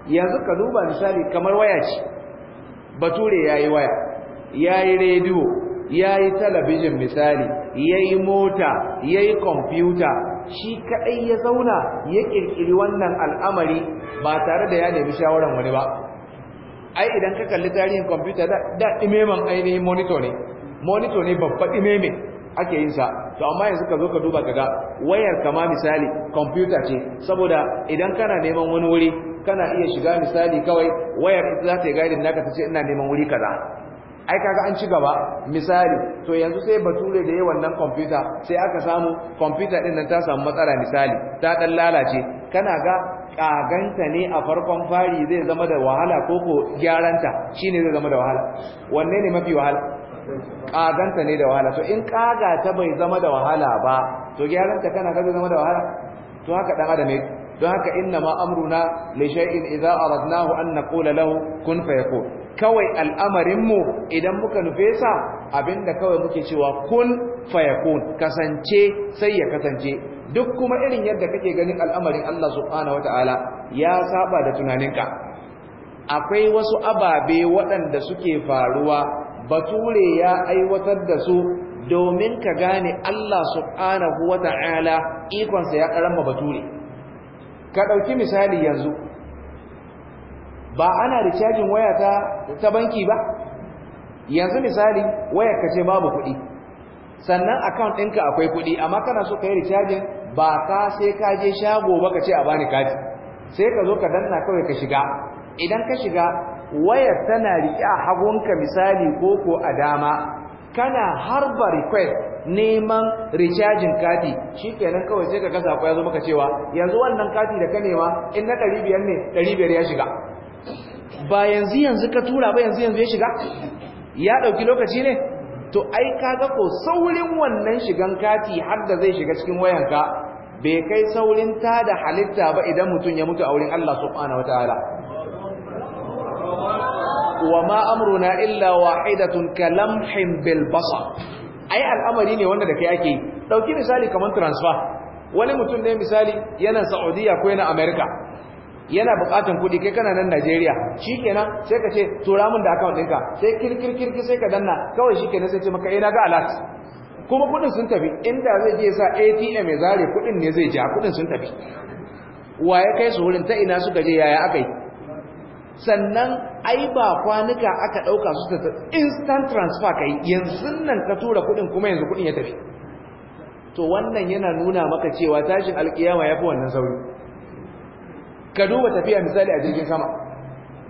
yanzu ka duba misali kamar waya ce bature ya yi waya ya yi rediyo ya yi talabijin misali ya yi mota ya yi kwamfuta shi kaɗai ya zauna ya ƙirƙiri wannan al'amari ba tare da ya nemi shawarar wani ba ai idan ka kalli tarihin kwamfuta da imeman ainihin monito ne monito ne babba imeme ake yin sa to amma yanzu ka zo ka duba kaga wayar kama misali kwamfuta ce saboda idan kana neman wani wuri kana iya shiga misali kawai wayar ita za ta yi gaidin naka ta ce ina neman wuri kaza ai kaga an ci gaba misali to yanzu sai bature da yi wannan kwamfuta sai aka samu kwamfuta din nan ta samu matsala misali ta dan lalace kana ga kaganta ne a farkon fari zai zama da wahala ko ko gyaranta shine zai zama da wahala wanne ne mafi wahala kaganta ne da wahala to in kaga ta bai zama da wahala ba to gyaranta kana ga zai zama da wahala to haka dan adam ne don haka inna ma amruna li shay'in idza aradnahu an naqula lahu kun fayakun kawai al'amarinmu idan muka nufe sa abinda kawai muke cewa kun fayakun kasance sai ya kasance duk kuma irin yadda kake ganin al'amarin Allah subhanahu wataala ya saba da tunaninka akwai wasu ababe waɗanda suke faruwa bature ya aiwatar da su domin ka gane Allah subhanahu wata'ala ikonsa ya karama bature ka ɗauki misali yanzu ba ana ricajin waya ta banki ba yanzu misali wayar ka ce babu kuɗi sannan account ɗinka akwai kuɗi amma kana so ka yi ricajin ba ka sai ka je shago ba ka ce a bani kati sai ka zo ka danna kawai ka shiga idan ka shiga wayar tana riƙe a hagunka misali ko ko a dama kana harba request neman recharging kati shi shikenan kawai sai ka kasa sako ya zo maka cewa yanzu wannan kati da ka nema in na biyar ne biyar ya shiga ba yanzu yanzu ka tura ba yanzu yanzu ya shiga ya dauki lokaci ne to ai ka ga ko saurin wannan shigan kati har da zai shiga cikin wayanka bai kai saurin ta da halitta ba idan mutum ya mutu a wurin Allah subhanahu wataala wa ma amruna illa wahidatun kalamhin bil basar ai al'amari ne wanda da kai ake dauki misali kamar transfer wani mutum ne misali yana Saudiya ko yana America yana bukatan kudi kai kana nan Najeriya shikenan sai ka ce tura min da account ɗinka sai kirkir sai ka danna kawai shikenan sai ce maka eh na ga alert kuma kudin sun tafi inda zai je sa ATM ya zare kudin ne zai ja kudin sun tafi waye kai su wurin ta ina suka je yaya akai sannan ai ba kwanuka aka ɗauka su ta instant transfer kai yanzu nan ka tura kuɗin kuma yanzu kuɗin ya tafi to wannan yana nuna maka cewa tashin alkiyama ya fi wannan sauri ka duba tafiya misali a jirgin sama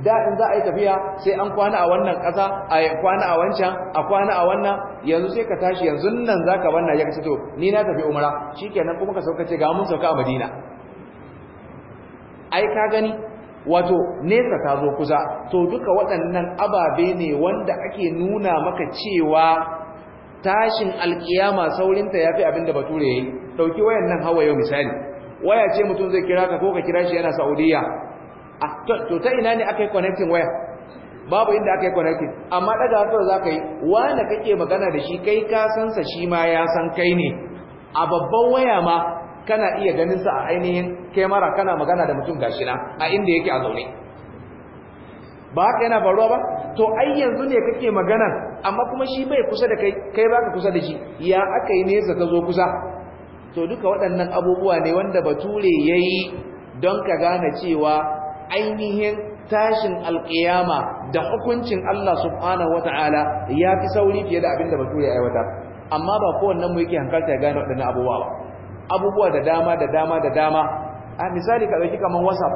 da in za a yi tafiya sai an kwana a wannan ƙasa a kwana a wancan a kwana a wannan yanzu sai ka tashi yanzu nan za ka wannan ya kace to ni na tafi umara shikenan kuma ka sauka ce ga mun sauka a madina ai ka gani wato nesa ta zo kusa to duka waɗannan ababe ne wanda ake nuna maka cewa tashin alkiyama saurinta ya fi abinda bature ya yi ɗauki wayan nan hawa yau misali waya ce mutum zai kira ka ko ka kira shi yana saudiya to ta ina ne aka yi connecting waya babu inda aka yi connecting amma ɗaga hatsar za ka yi wanda kake magana da shi kai ka sansa shi ma ya san kai ne a babban waya ma kana iya ganin sa a ainihin kemara kana magana da mutum gashi na a inda yake a zaune ba haka yana faruwa ba to ai yanzu ne kake magana amma kuma shi bai kusa da kai kai baka kusa da shi ya aka yi nesa ka zo kusa to duka waɗannan abubuwa ne wanda bature yayi don ka gane cewa ainihin tashin alkiyama da hukuncin Allah subhanahu wata'ala ya fi sauri fiye da abinda bature ya aiwatar amma ba kowanne mu yake hankalta gane waɗannan abubuwa ba abubuwa da dama da dama da dama a misali ka dauki kamar whatsapp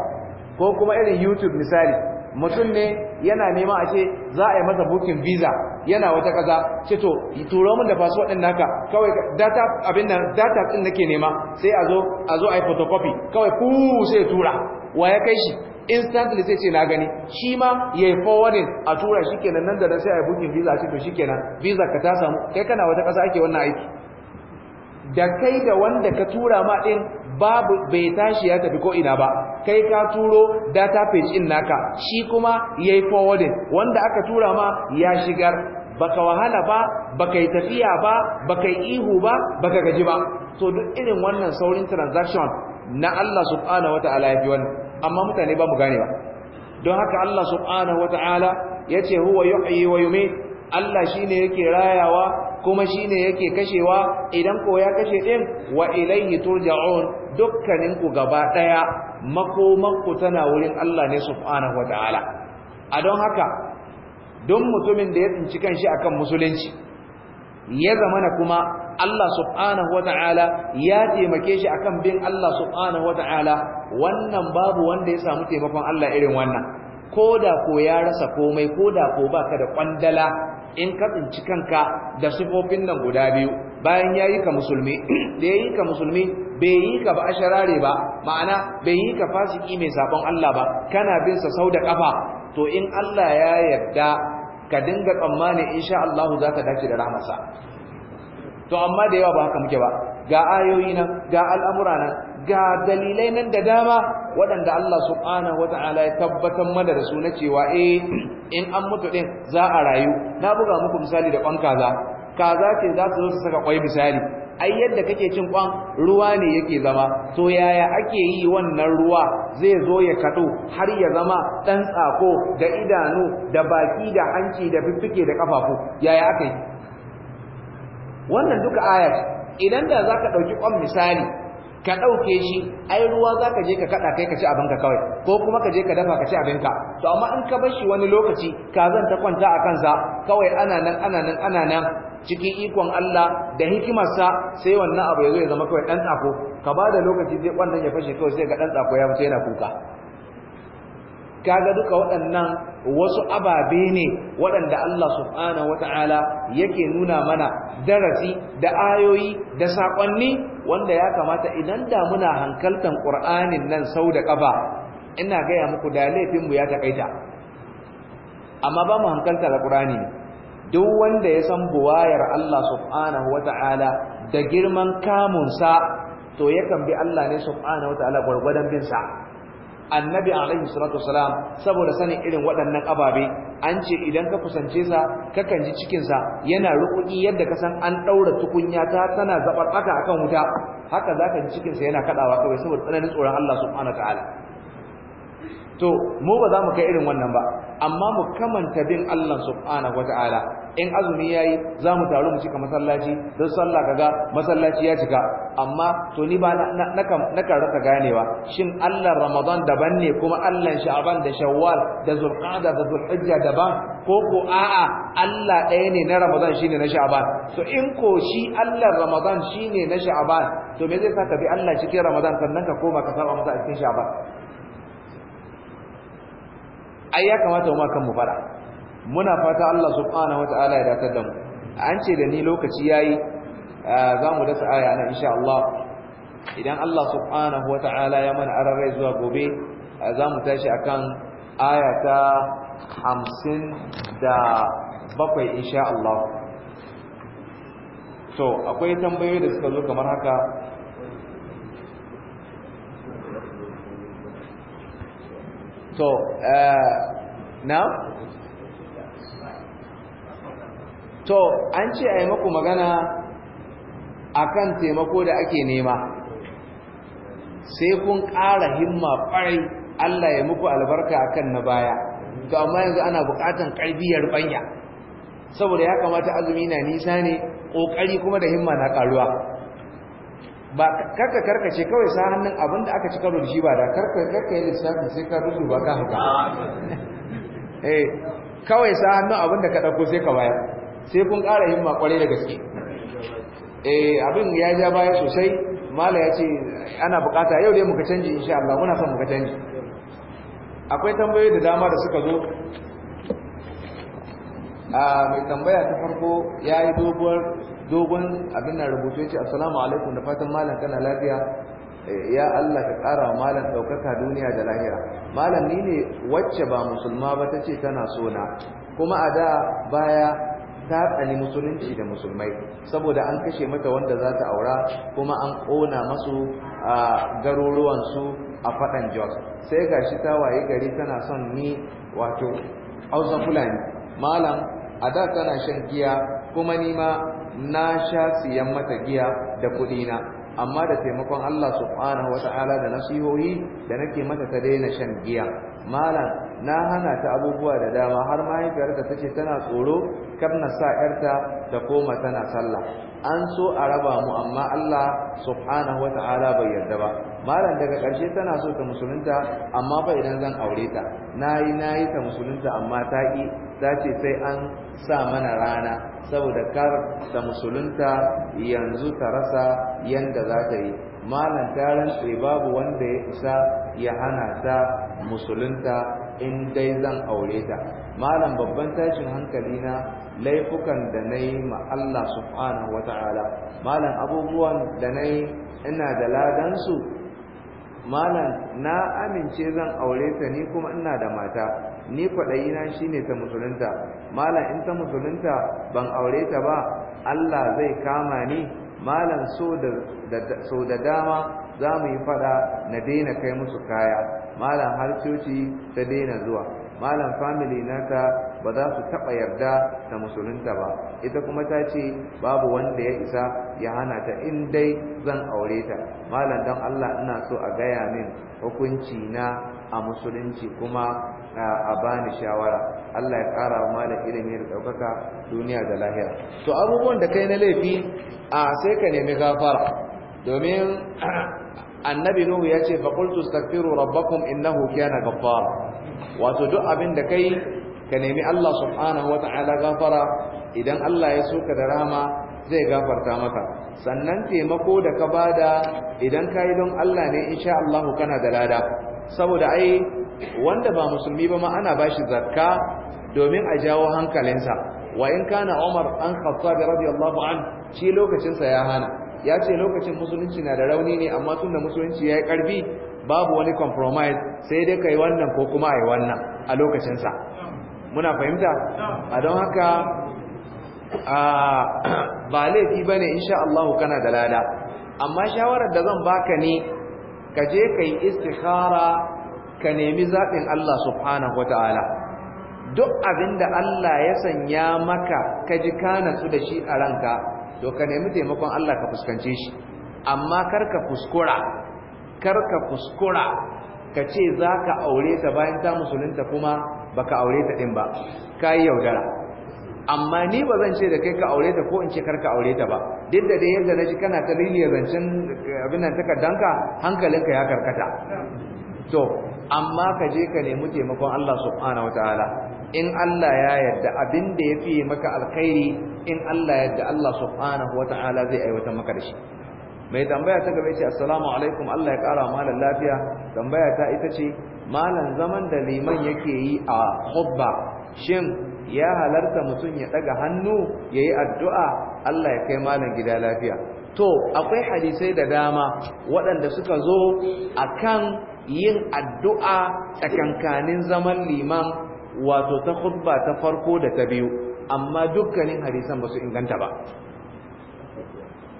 ko kuma irin youtube misali mutum ne yana nema a ce za a yi masa bukin visa yana wata kaza ce to turo min da password din naka kawai data abin nan data din nake nema sai a zo a zo a yi photocopy kawai ku sai tura wa ya kai shi instantly sai ce na gani shi ma yayi forwarding a tura shikenan nan da nan sai a yi bukin visa ce to shikenan visa ka ta samu kai kana wata kaza ake wannan aiki da kai da wanda ka tura ma din babu bai tashi ya tafi ko ina ba kai ka turo data page in naka shi kuma yayi forwarding wanda aka tura ma ya shigar baka wahala ba baka yi tafiya ba baka yi ihu ba baka gaji ba to duk irin wannan saurin transaction na Allah subhanahu wataala ya fi wani, amma mutane ba mu gane ba don haka Allah subhanahu wataala yace huwa yuhyi wa yumiit Allah shine yake rayawa kuma shine yake kashewa idan ko ya kashe din wa ilaihi turja'un dukkanin ku gaba daya makoman ku tana wurin Allah ne subhanahu wataala a don haka don mutumin da ya tsinci kanshi akan musulunci ya zamana kuma Allah subhanahu wataala ya taimake shi akan bin Allah subhanahu wataala wannan babu wanda ya samu taimakon Allah irin wannan koda ko ya rasa komai koda ko baka da kwandala in ka tsinci kanka da sifofin nan guda biyu bayan ya yi ka musulmi da ya yi ka musulmi bai yi ka ba a ba ma'ana bai yi ka fasiki mai sabon Allah ba kana bin sa sau da kafa to in Allah ya yarda ka dinga tsammani insha Allah za ka dace da rahmarsa to amma da yawa ba haka muke ba ga ayoyi nan ga al'amura nan ga dalilai nan da dama waɗanda Allah subhanahu wata'ala ya tabbatar mana da su na cewa eh in an mutu ɗin za a rayu na buga muku misali da kwan kaza kaza ce za su zo su saka kwai misali ai yadda kake cin kwan ruwa ne yake zama to yaya ake yi wannan ruwa zai zo ya kado har ya zama dan tsako da idanu da baki da hanci da fiffike da kafafu yaya aka yi wannan duka aya idan da zaka ɗauki kwan misali ka ɗauke shi ai ruwa za ka je ka kaɗa kai ka ci abinka kawai ko kuma ka je ka dafa ka ci abinka to amma in ka bar shi wani lokaci kazan ta kwanta a kansa kawai ana nan ana nan ana nan cikin ikon Allah da hikimarsa sai wannan abu ya zo ya zama kawai ɗan tsako ka ba da lokaci sai kwandan ya fashe kawai sai ga ɗan tsako ya mutu yana kuka kaga duka waɗannan wasu ababe ne waɗanda Allah subhanahu wata'ala yake nuna mana darasi da ayoyi da saƙonni wanda ya kamata idan da muna hankaltan ƙur'anin nan sau da ƙafa ina gaya muku da laifinmu ya taƙaita amma ba mu hankalta da ƙur'ani duk wanda ya san buwayar Allah subhanahu wata'ala da girman kamunsa to yakan bi Allah ne subhanahu wata'ala gwargwadon sa annabi alaihi salatu wasalam saboda sanin irin waɗannan ababe an ce idan ka kusance sa kakan ji cikinsa, yana ruƙuƙi yadda ka san an ɗaura tukunya ta tana zabar akan wuta haka za ka ji cikinsa yana kaɗawa kawai saboda tsananin tsoron Allah subhanahu wataala to mu ba za mu kai irin wannan ba amma mu kamanta bin Allah subhanahu wataala in azumi yayi za mu taru mu cika masallaci don sallah kaga masallaci ya cika amma to ni ba na kan rasa ganewa shin Allah Ramadan daban ne kuma Allah Sha'ban da Shawwal da Zulqa'da da Zulhijja daban ko ko a'a Allah ɗaya ne na Ramadan shine na Sha'ban to in ko shi Allah Ramadan shine na Sha'ban to me zai sa ka bi Allah cikin Ramadan sannan ka koma ka saba masa a cikin Sha'ban ai ya kamata mu ma kan mu fara muna fata Allah subhanahu wataala ya datar da mu an ce da ni lokaci yayi za mu dasa aya na insha Allah idan Allah subhanahu wataala ya mana ararai zuwa gobe za mu tashi akan aya ta 57 insha Allah to akwai tambayoyi da suka zo kamar haka to eh, na to an ce a yi maku magana a kan taimako da ake nema sai kun ƙara himma ƙwarai Allah ya muku albarka akan na baya ga amma yanzu ana buƙatan ƙarfiyar banya saboda ya kamata azumi na nisa ne ƙoƙari kuma da himma na ƙaruwa ba karka karkace kawai sa hannun abin da aka ci karo da shi ba da karka karka yi lissafi sai ka rusu ba ka haka eh, kawai sa hannun abin da ka ɗauko sai ka bayar sai kun ƙara himma ƙwarai da gaske eh, abin ya ja baya sosai mala ya ce ana bukata yau dai muka canji insha Allah muna son muka canji akwai tambayoyi da dama da suka zo a mai tambaya ta farko ya yi dogon abin na rubutu ya ce assalamu alaikum da fatan malam kana lafiya eh, ya Allah ka ƙara malam ɗaukaka duniya da lahira malam ni ne wacce ba musulma ba ta ce tana sona kuma a da baya ta tsani musulunci da musulmai saboda an kashe mata wanda za ta aura kuma an ƙona masu a garuruwansu a faɗan jos sai ga shi ta waye gari tana son ni wato hausa fulani malam a da tana shan giya kuma ni ma na sha siyan mata giya da kuɗina amma da taimakon Allah subhanahu ta'ala da nasihohi da nake mata ta daina shan giya malam na hana ta abubuwa da dama har mahaifiyarta ta ce tana tsoro kar na sa yarta da koma tana sallah an so a raba mu amma Allah subhanahu ta'ala bai yarda ba malam daga ƙarshe tana so ta musulunta amma fa idan zan aure ta nayi nayi ta musulunta amma ta ki ta ce sai an sa mana rana saboda kar ta musulunta yanzu ta rasa yanda za ta yi malam ta rantse babu wanda ya isa ya hana ta musulunta in dai zan aure ta malam babban tashin hankalina laifukan da na yi ma Allah subhanahu wa ta'ala malam abubuwan da na yi ina da ladansu malam na amince zan aure ta ni kuma ina da mata ni kwaɗayina shi ne ta musulunta malam in ta musulunta ban aure ta ba Allah zai kama ni malam so da dama za mu yi fada na daina kai musu kaya malam har coci ta daina zuwa malam family naka ba za su taɓa yarda ta musulunta ba ita kuma ta ce babu wanda ya isa ya hana ta in dai zan aure ta malam don Allah ina so a gaya min hukunci na a musulunci kuma a bani shawara Allah ya ƙara wa malam ilimi da ɗaukaka duniya da lahiya. to abubuwan da kai na laifi a sai ka nemi gafara domin annabi nuhu ya ce faqultu astaghfiru rabbakum innahu kana ghaffara wato duk abin da kai ka nemi Allah subhanahu ta’ala gafara idan Allah ya so ka da rama zai gafarta maka sannan taimako da ka bada idan yi don Allah ne insha Allah kana da lada saboda ai wanda ba musulmi ba ma ana bashi zakka domin a jawo hankalinsa wa in kana Umar an Khattab radiyallahu an shi lokacinsa ya hana ya ce lokacin musulunci na da rauni ne amma tun da musulunci ya yi karfi babu wani compromise sai dai kai wannan ko kuma ai wannan a lokacin sa muna fahimta a don haka ba laifi bane insha Allah kana da lada amma shawarar da zan baka ne ka je kai istikhara ka nemi zaɓin Allah subhanahu wataala duk da Allah ya sanya maka ka ji kana su da shi a ranka to ka nemi taimakon Allah ka fuskance shi amma kar ka fuskura kar ka kuskura ka ce za ka aure ta bayan ta musulunta kuma baka aure ta ɗin ba ka yi yaudara amma ni ba zan ce da kai ka aure ta ko in ce kar ka aure ta ba duk da dai yadda na ji kana ta riliyar zancen eh, abin nan takardanka hankalinka ya karkata to amma ka je ka nemi taimakon Allah subhanahu wataala in Allah ya yarda abin da ya fiye maka alkhairi in Allah ya yarda Allah subhanahu wataala zai aiwatar maka da shi mai tambaya ta gaba ce assalamu alaikum Allah ya kara malan lafiya tambaya ta ita ce malan zaman da liman yake yi a hubba shin ya halarta mutum ya daga hannu ya yi addu'a Allah ya kai malan gida lafiya to akwai hadisai da dama waɗanda suka zo a kan yin addu'a tsakankanin zaman liman wato ta hubba ta farko da ta biyu amma dukkanin hadisan ba su inganta ba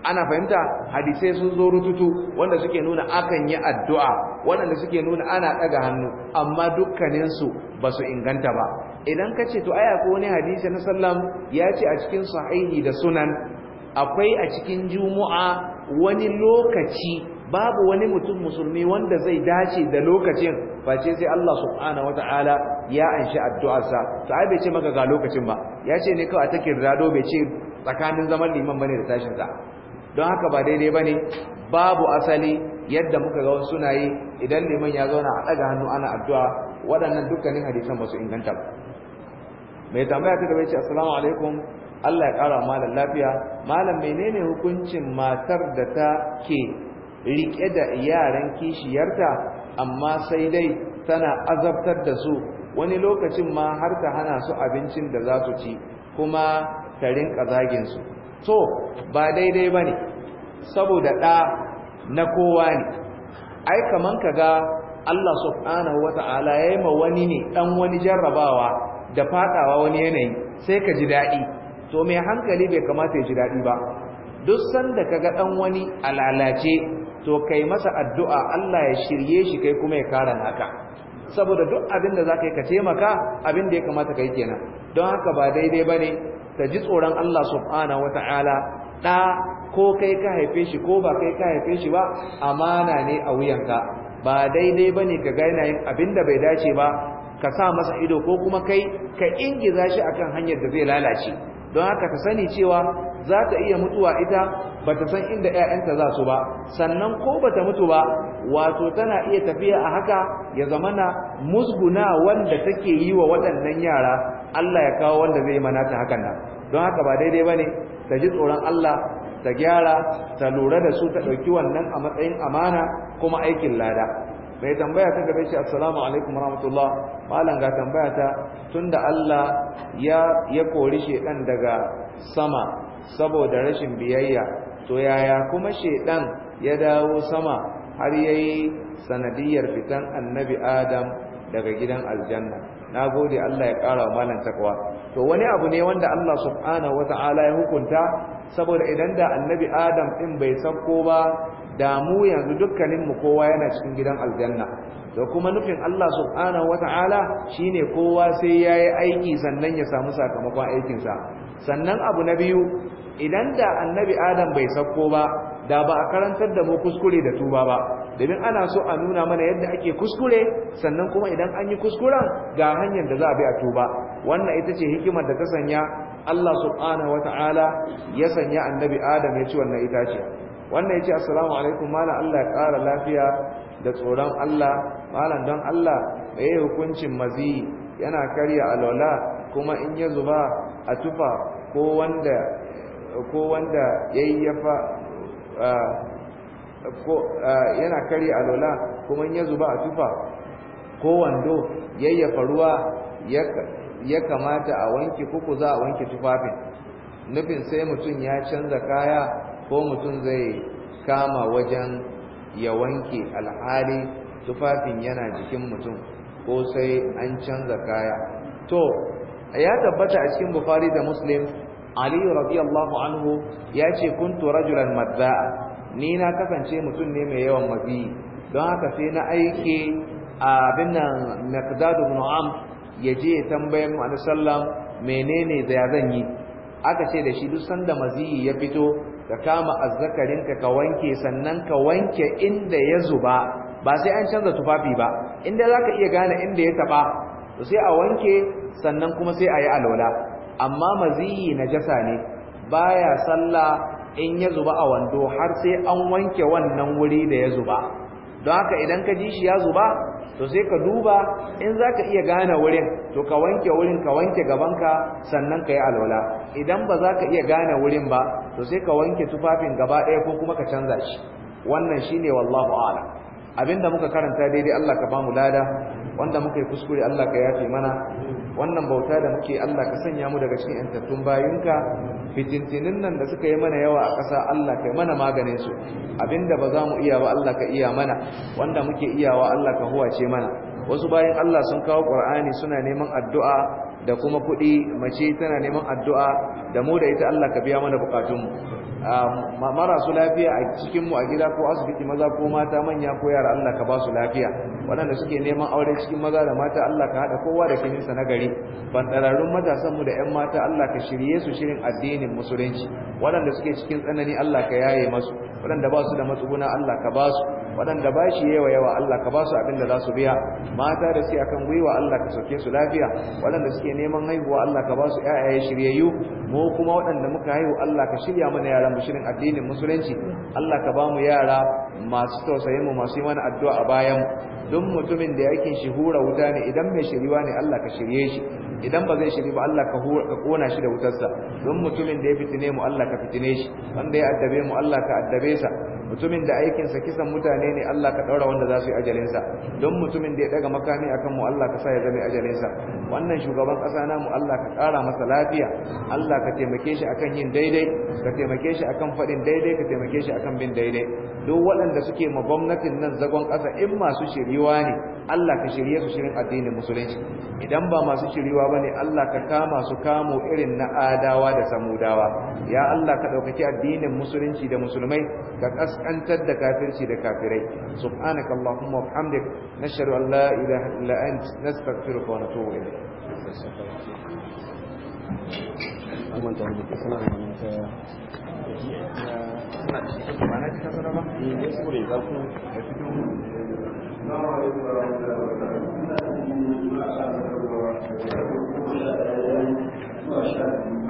ana fahimta hadisai sun zo rututu wanda suke nuna akan yi addu'a wanda suke nuna ana ɗaga hannu amma dukkaninsu ba su inganta ba idan ka ce to aya ko wani hadisi na sallam ya ce a cikin sahihi da sunan akwai a cikin juma'a wani lokaci babu wani mutum musulmi wanda zai dace da lokacin face sai Allah subhanahu wataala ya anshi addu'arsa to ai bai ce maka ga lokacin ba ya ce ne kawai a take rado bai ce tsakanin zaman liman bane da tashin sa don haka ba daidai ba ne babu asali yadda muka ga wasu suna yi idan liman ya zauna a ɗaga hannu ana addu'a waɗannan dukkanin hadisan ba su inganta ba mai tambaya ta da bai ce assalamu alaikum Allah ya ƙara malam lafiya malam menene hukuncin matar da ta ke riƙe da yaran kishiyarta amma sai dai tana azabtar da su wani lokacin ma har ta hana su abincin da za su ci kuma ta rinƙa zagin su so ba daidai ba ne saboda ɗa na kowa ne ai kaman ka ga Allah subhanahu wa ta'ala ya yi ma wani ne ɗan wani jarrabawa da faɗawa wani yanayi sai ka ji daɗi to mai hankali bai kamata ya ji daɗi ba duk sanda ka ga ɗan wani alalace to kai masa addu'a Allah ya shirye shi kai kuma ya kara naka saboda duk abin da za ka yi ka taimaka abin da ya kamata ka yi kenan don haka ba daidai ba ne ka ji tsoron Allah subhanahu wata'ala da ko kai ka haife shi ko ba kai ka haife shi ba amana ne a wuyanka ba daidai bane ka ga abin da abinda bai dace ba ka sa masa ido ko kuma kai ka ingiza shi akan hanyar da zai lalace don haka ka sani cewa za ta iya mutuwa ita ba ta san inda 'ya'yanta za su ba sannan ko ba ta mutu ba wato tana iya tafiya a haka ya zamana musguna wanda take yi wa waɗannan yara Allah ya kawo wanda zai mana ta hakan nan don haka ba daidai ba ne ta ji tsoron Allah ta gyara ta lura da su ta ɗauki wannan a matsayin amana kuma aikin lada mai tambaya ta gare shi assalamu alaikum rahmatullah malam ga tambaya ta tunda Allah ya ya kori shedan daga sama saboda rashin biyayya to yaya kuma shedan ya dawo sama har yayi sanadiyar fitan annabi adam daga gidan aljanna nagode Allah ya kara malan takwa to wani abu ne wanda Allah subhanahu wataala ya hukunta saboda idan da annabi adam din bai sauko ba da mu yanzu dukkaninmu kowa yana cikin gidan aljanna To kuma nufin Allah subhanahu wata'ala shine kowa sai yayi aiki sannan ya samu sakamakon aikinsa sannan abu na biyu idan da annabi adam bai sauko ba da ba a karantar da mu kuskure da tuba ba domin ana so a nuna mana yadda ake kuskure sannan kuma idan an yi kuskuren ga hanyar da za a bi a tuba wannan ita ce hikimar da ta sanya Allah subhanahu Ta'ala ya sanya annabi adam ya ci wannan itace wannan ya ce assalamu alaikum malam Allah ya ƙara lafiya da tsoron Allah malam don Allah ya hukuncin mazi yana karya alwala kuma in ya zuba a tufa ko wanda ko wanda yayyafa ko yana kare alola kuma ya zuba a tufa ko wando yayyafa ruwa ya kamata a wanke kuku za a wanke tufafin nufin sai mutum ya canza kaya ko mutum zai kama wajen ya wanke alhali tufafin yana jikin mutum ko sai an canza kaya to ya tabbata a cikin bukari da muslims Ali radiyallahu anhu ya ce kuntu rajulan madza'a ni na kasance mutum ne mai yawan mafi, don haka sai na aike abin nan Miqdad ibn Am ya je ya tambaye mu annabi sallam menene da zan yi aka ce da shi duk sanda maziyi ya fito ka kama azzakarinka ka wanke sannan ka wanke inda ya zuba ba sai an canza tufafi ba inda zaka iya gane inda ya taba to sai a wanke sannan kuma sai a yi alwala amma maziyi najasa ne baya sallah in ya zuba a wando har sai an wanke wannan wuri da ya zuba don haka idan ka ji shi ya zuba to sai ka duba in za ka iya gane wurin to ka wanke wurin ka wanke gabanka sannan ka yi alwala idan ba za ka iya gane wurin ba to sai ka wanke tufafin gaba ɗaya ko kuma ka canza shi wannan shine wallahu a'lam abinda muka karanta daidai Allah ka bamu lada wanda muka yi kuskure Allah ka yafe mana wannan bauta da muke Allah ka sanya mu daga cikin yantattun bayinka fitintinin nan da suka yi mana yawa a ƙasa Allah ka yi mana maganin su abinda ba za mu iya ba Allah ka iya mana wanda muke iyawa Allah ka huwace mana wasu bayan Allah sun kawo Qur'ani suna neman addu'a da kuma kuɗi mace tana neman addu'a da mu da ita Allah ka biya mana bukatunmu ah, marasu lafiya a cikinmu a gida ko asibiti maza ko mata manya ko yara Allah ka ba su lafiya waɗanda suke neman aure cikin maza da mata Allah ka haɗa kowa da kininsa na gari bandararrun matasanmu da 'yan mata Allah ka shirye su shirin addinin musulunci waɗanda suke cikin tsanani Allah ka yaye masu waɗanda ba su da matsuguna Allah ka ba su waɗanda ba shi yawa yawa Allah ka ba su abin da za su biya mata da suke akan gwiwa Allah ka sauke su lafiya waɗanda suke neman haihuwa Allah ka ba su ƴaƴaye shiryayyu mu kuma waɗanda muka haihu Allah ka shirya mana yaran mu shirin addinin musulunci Allah ka ba mu yara masu tausayin mu masu yi mana addu'a a bayan duk mutumin da yake shi hura wuta ne idan mai shiriwa ne Allah ka shirye shi idan ba zai shiri ba Allah ka kona shi da wutarsa don mutumin da ya fitine mu Allah ka fitine shi wanda ya addabe mu Allah ka addabe sa mutumin da aikinsa kisan mutane ne Allah ka daura wanda za su yi ajalinsa don mutumin da ya daga makami akan mu Allah ka sa ya zama ajalinsa wannan shugaban ƙasa mu Allah ka kara masa lafiya Allah ka taimake shi akan yin daidai ka taimake shi akan faɗin daidai ka taimake shi akan bin daidai duk waɗanda suke ma gwamnatin nan zagon kasa in masu shiriwa ne Allah ka shirye su shirin addinin musulunci idan ba masu shiriwa ne Allah ka kama su kamo irin na adawa da samudawa ya Allah ka ɗaukaki addinin musulunci da musulmai ka kaskantar da kafirci da kafirai subhanaka allahumma wa bihamdik nashhadu an la ilaha illa ant nastaghfiruka wa natubu ilayk kuma ta rubuta sana a wani ta mana ta kasar ba? ne kure za ku da fito Thank you.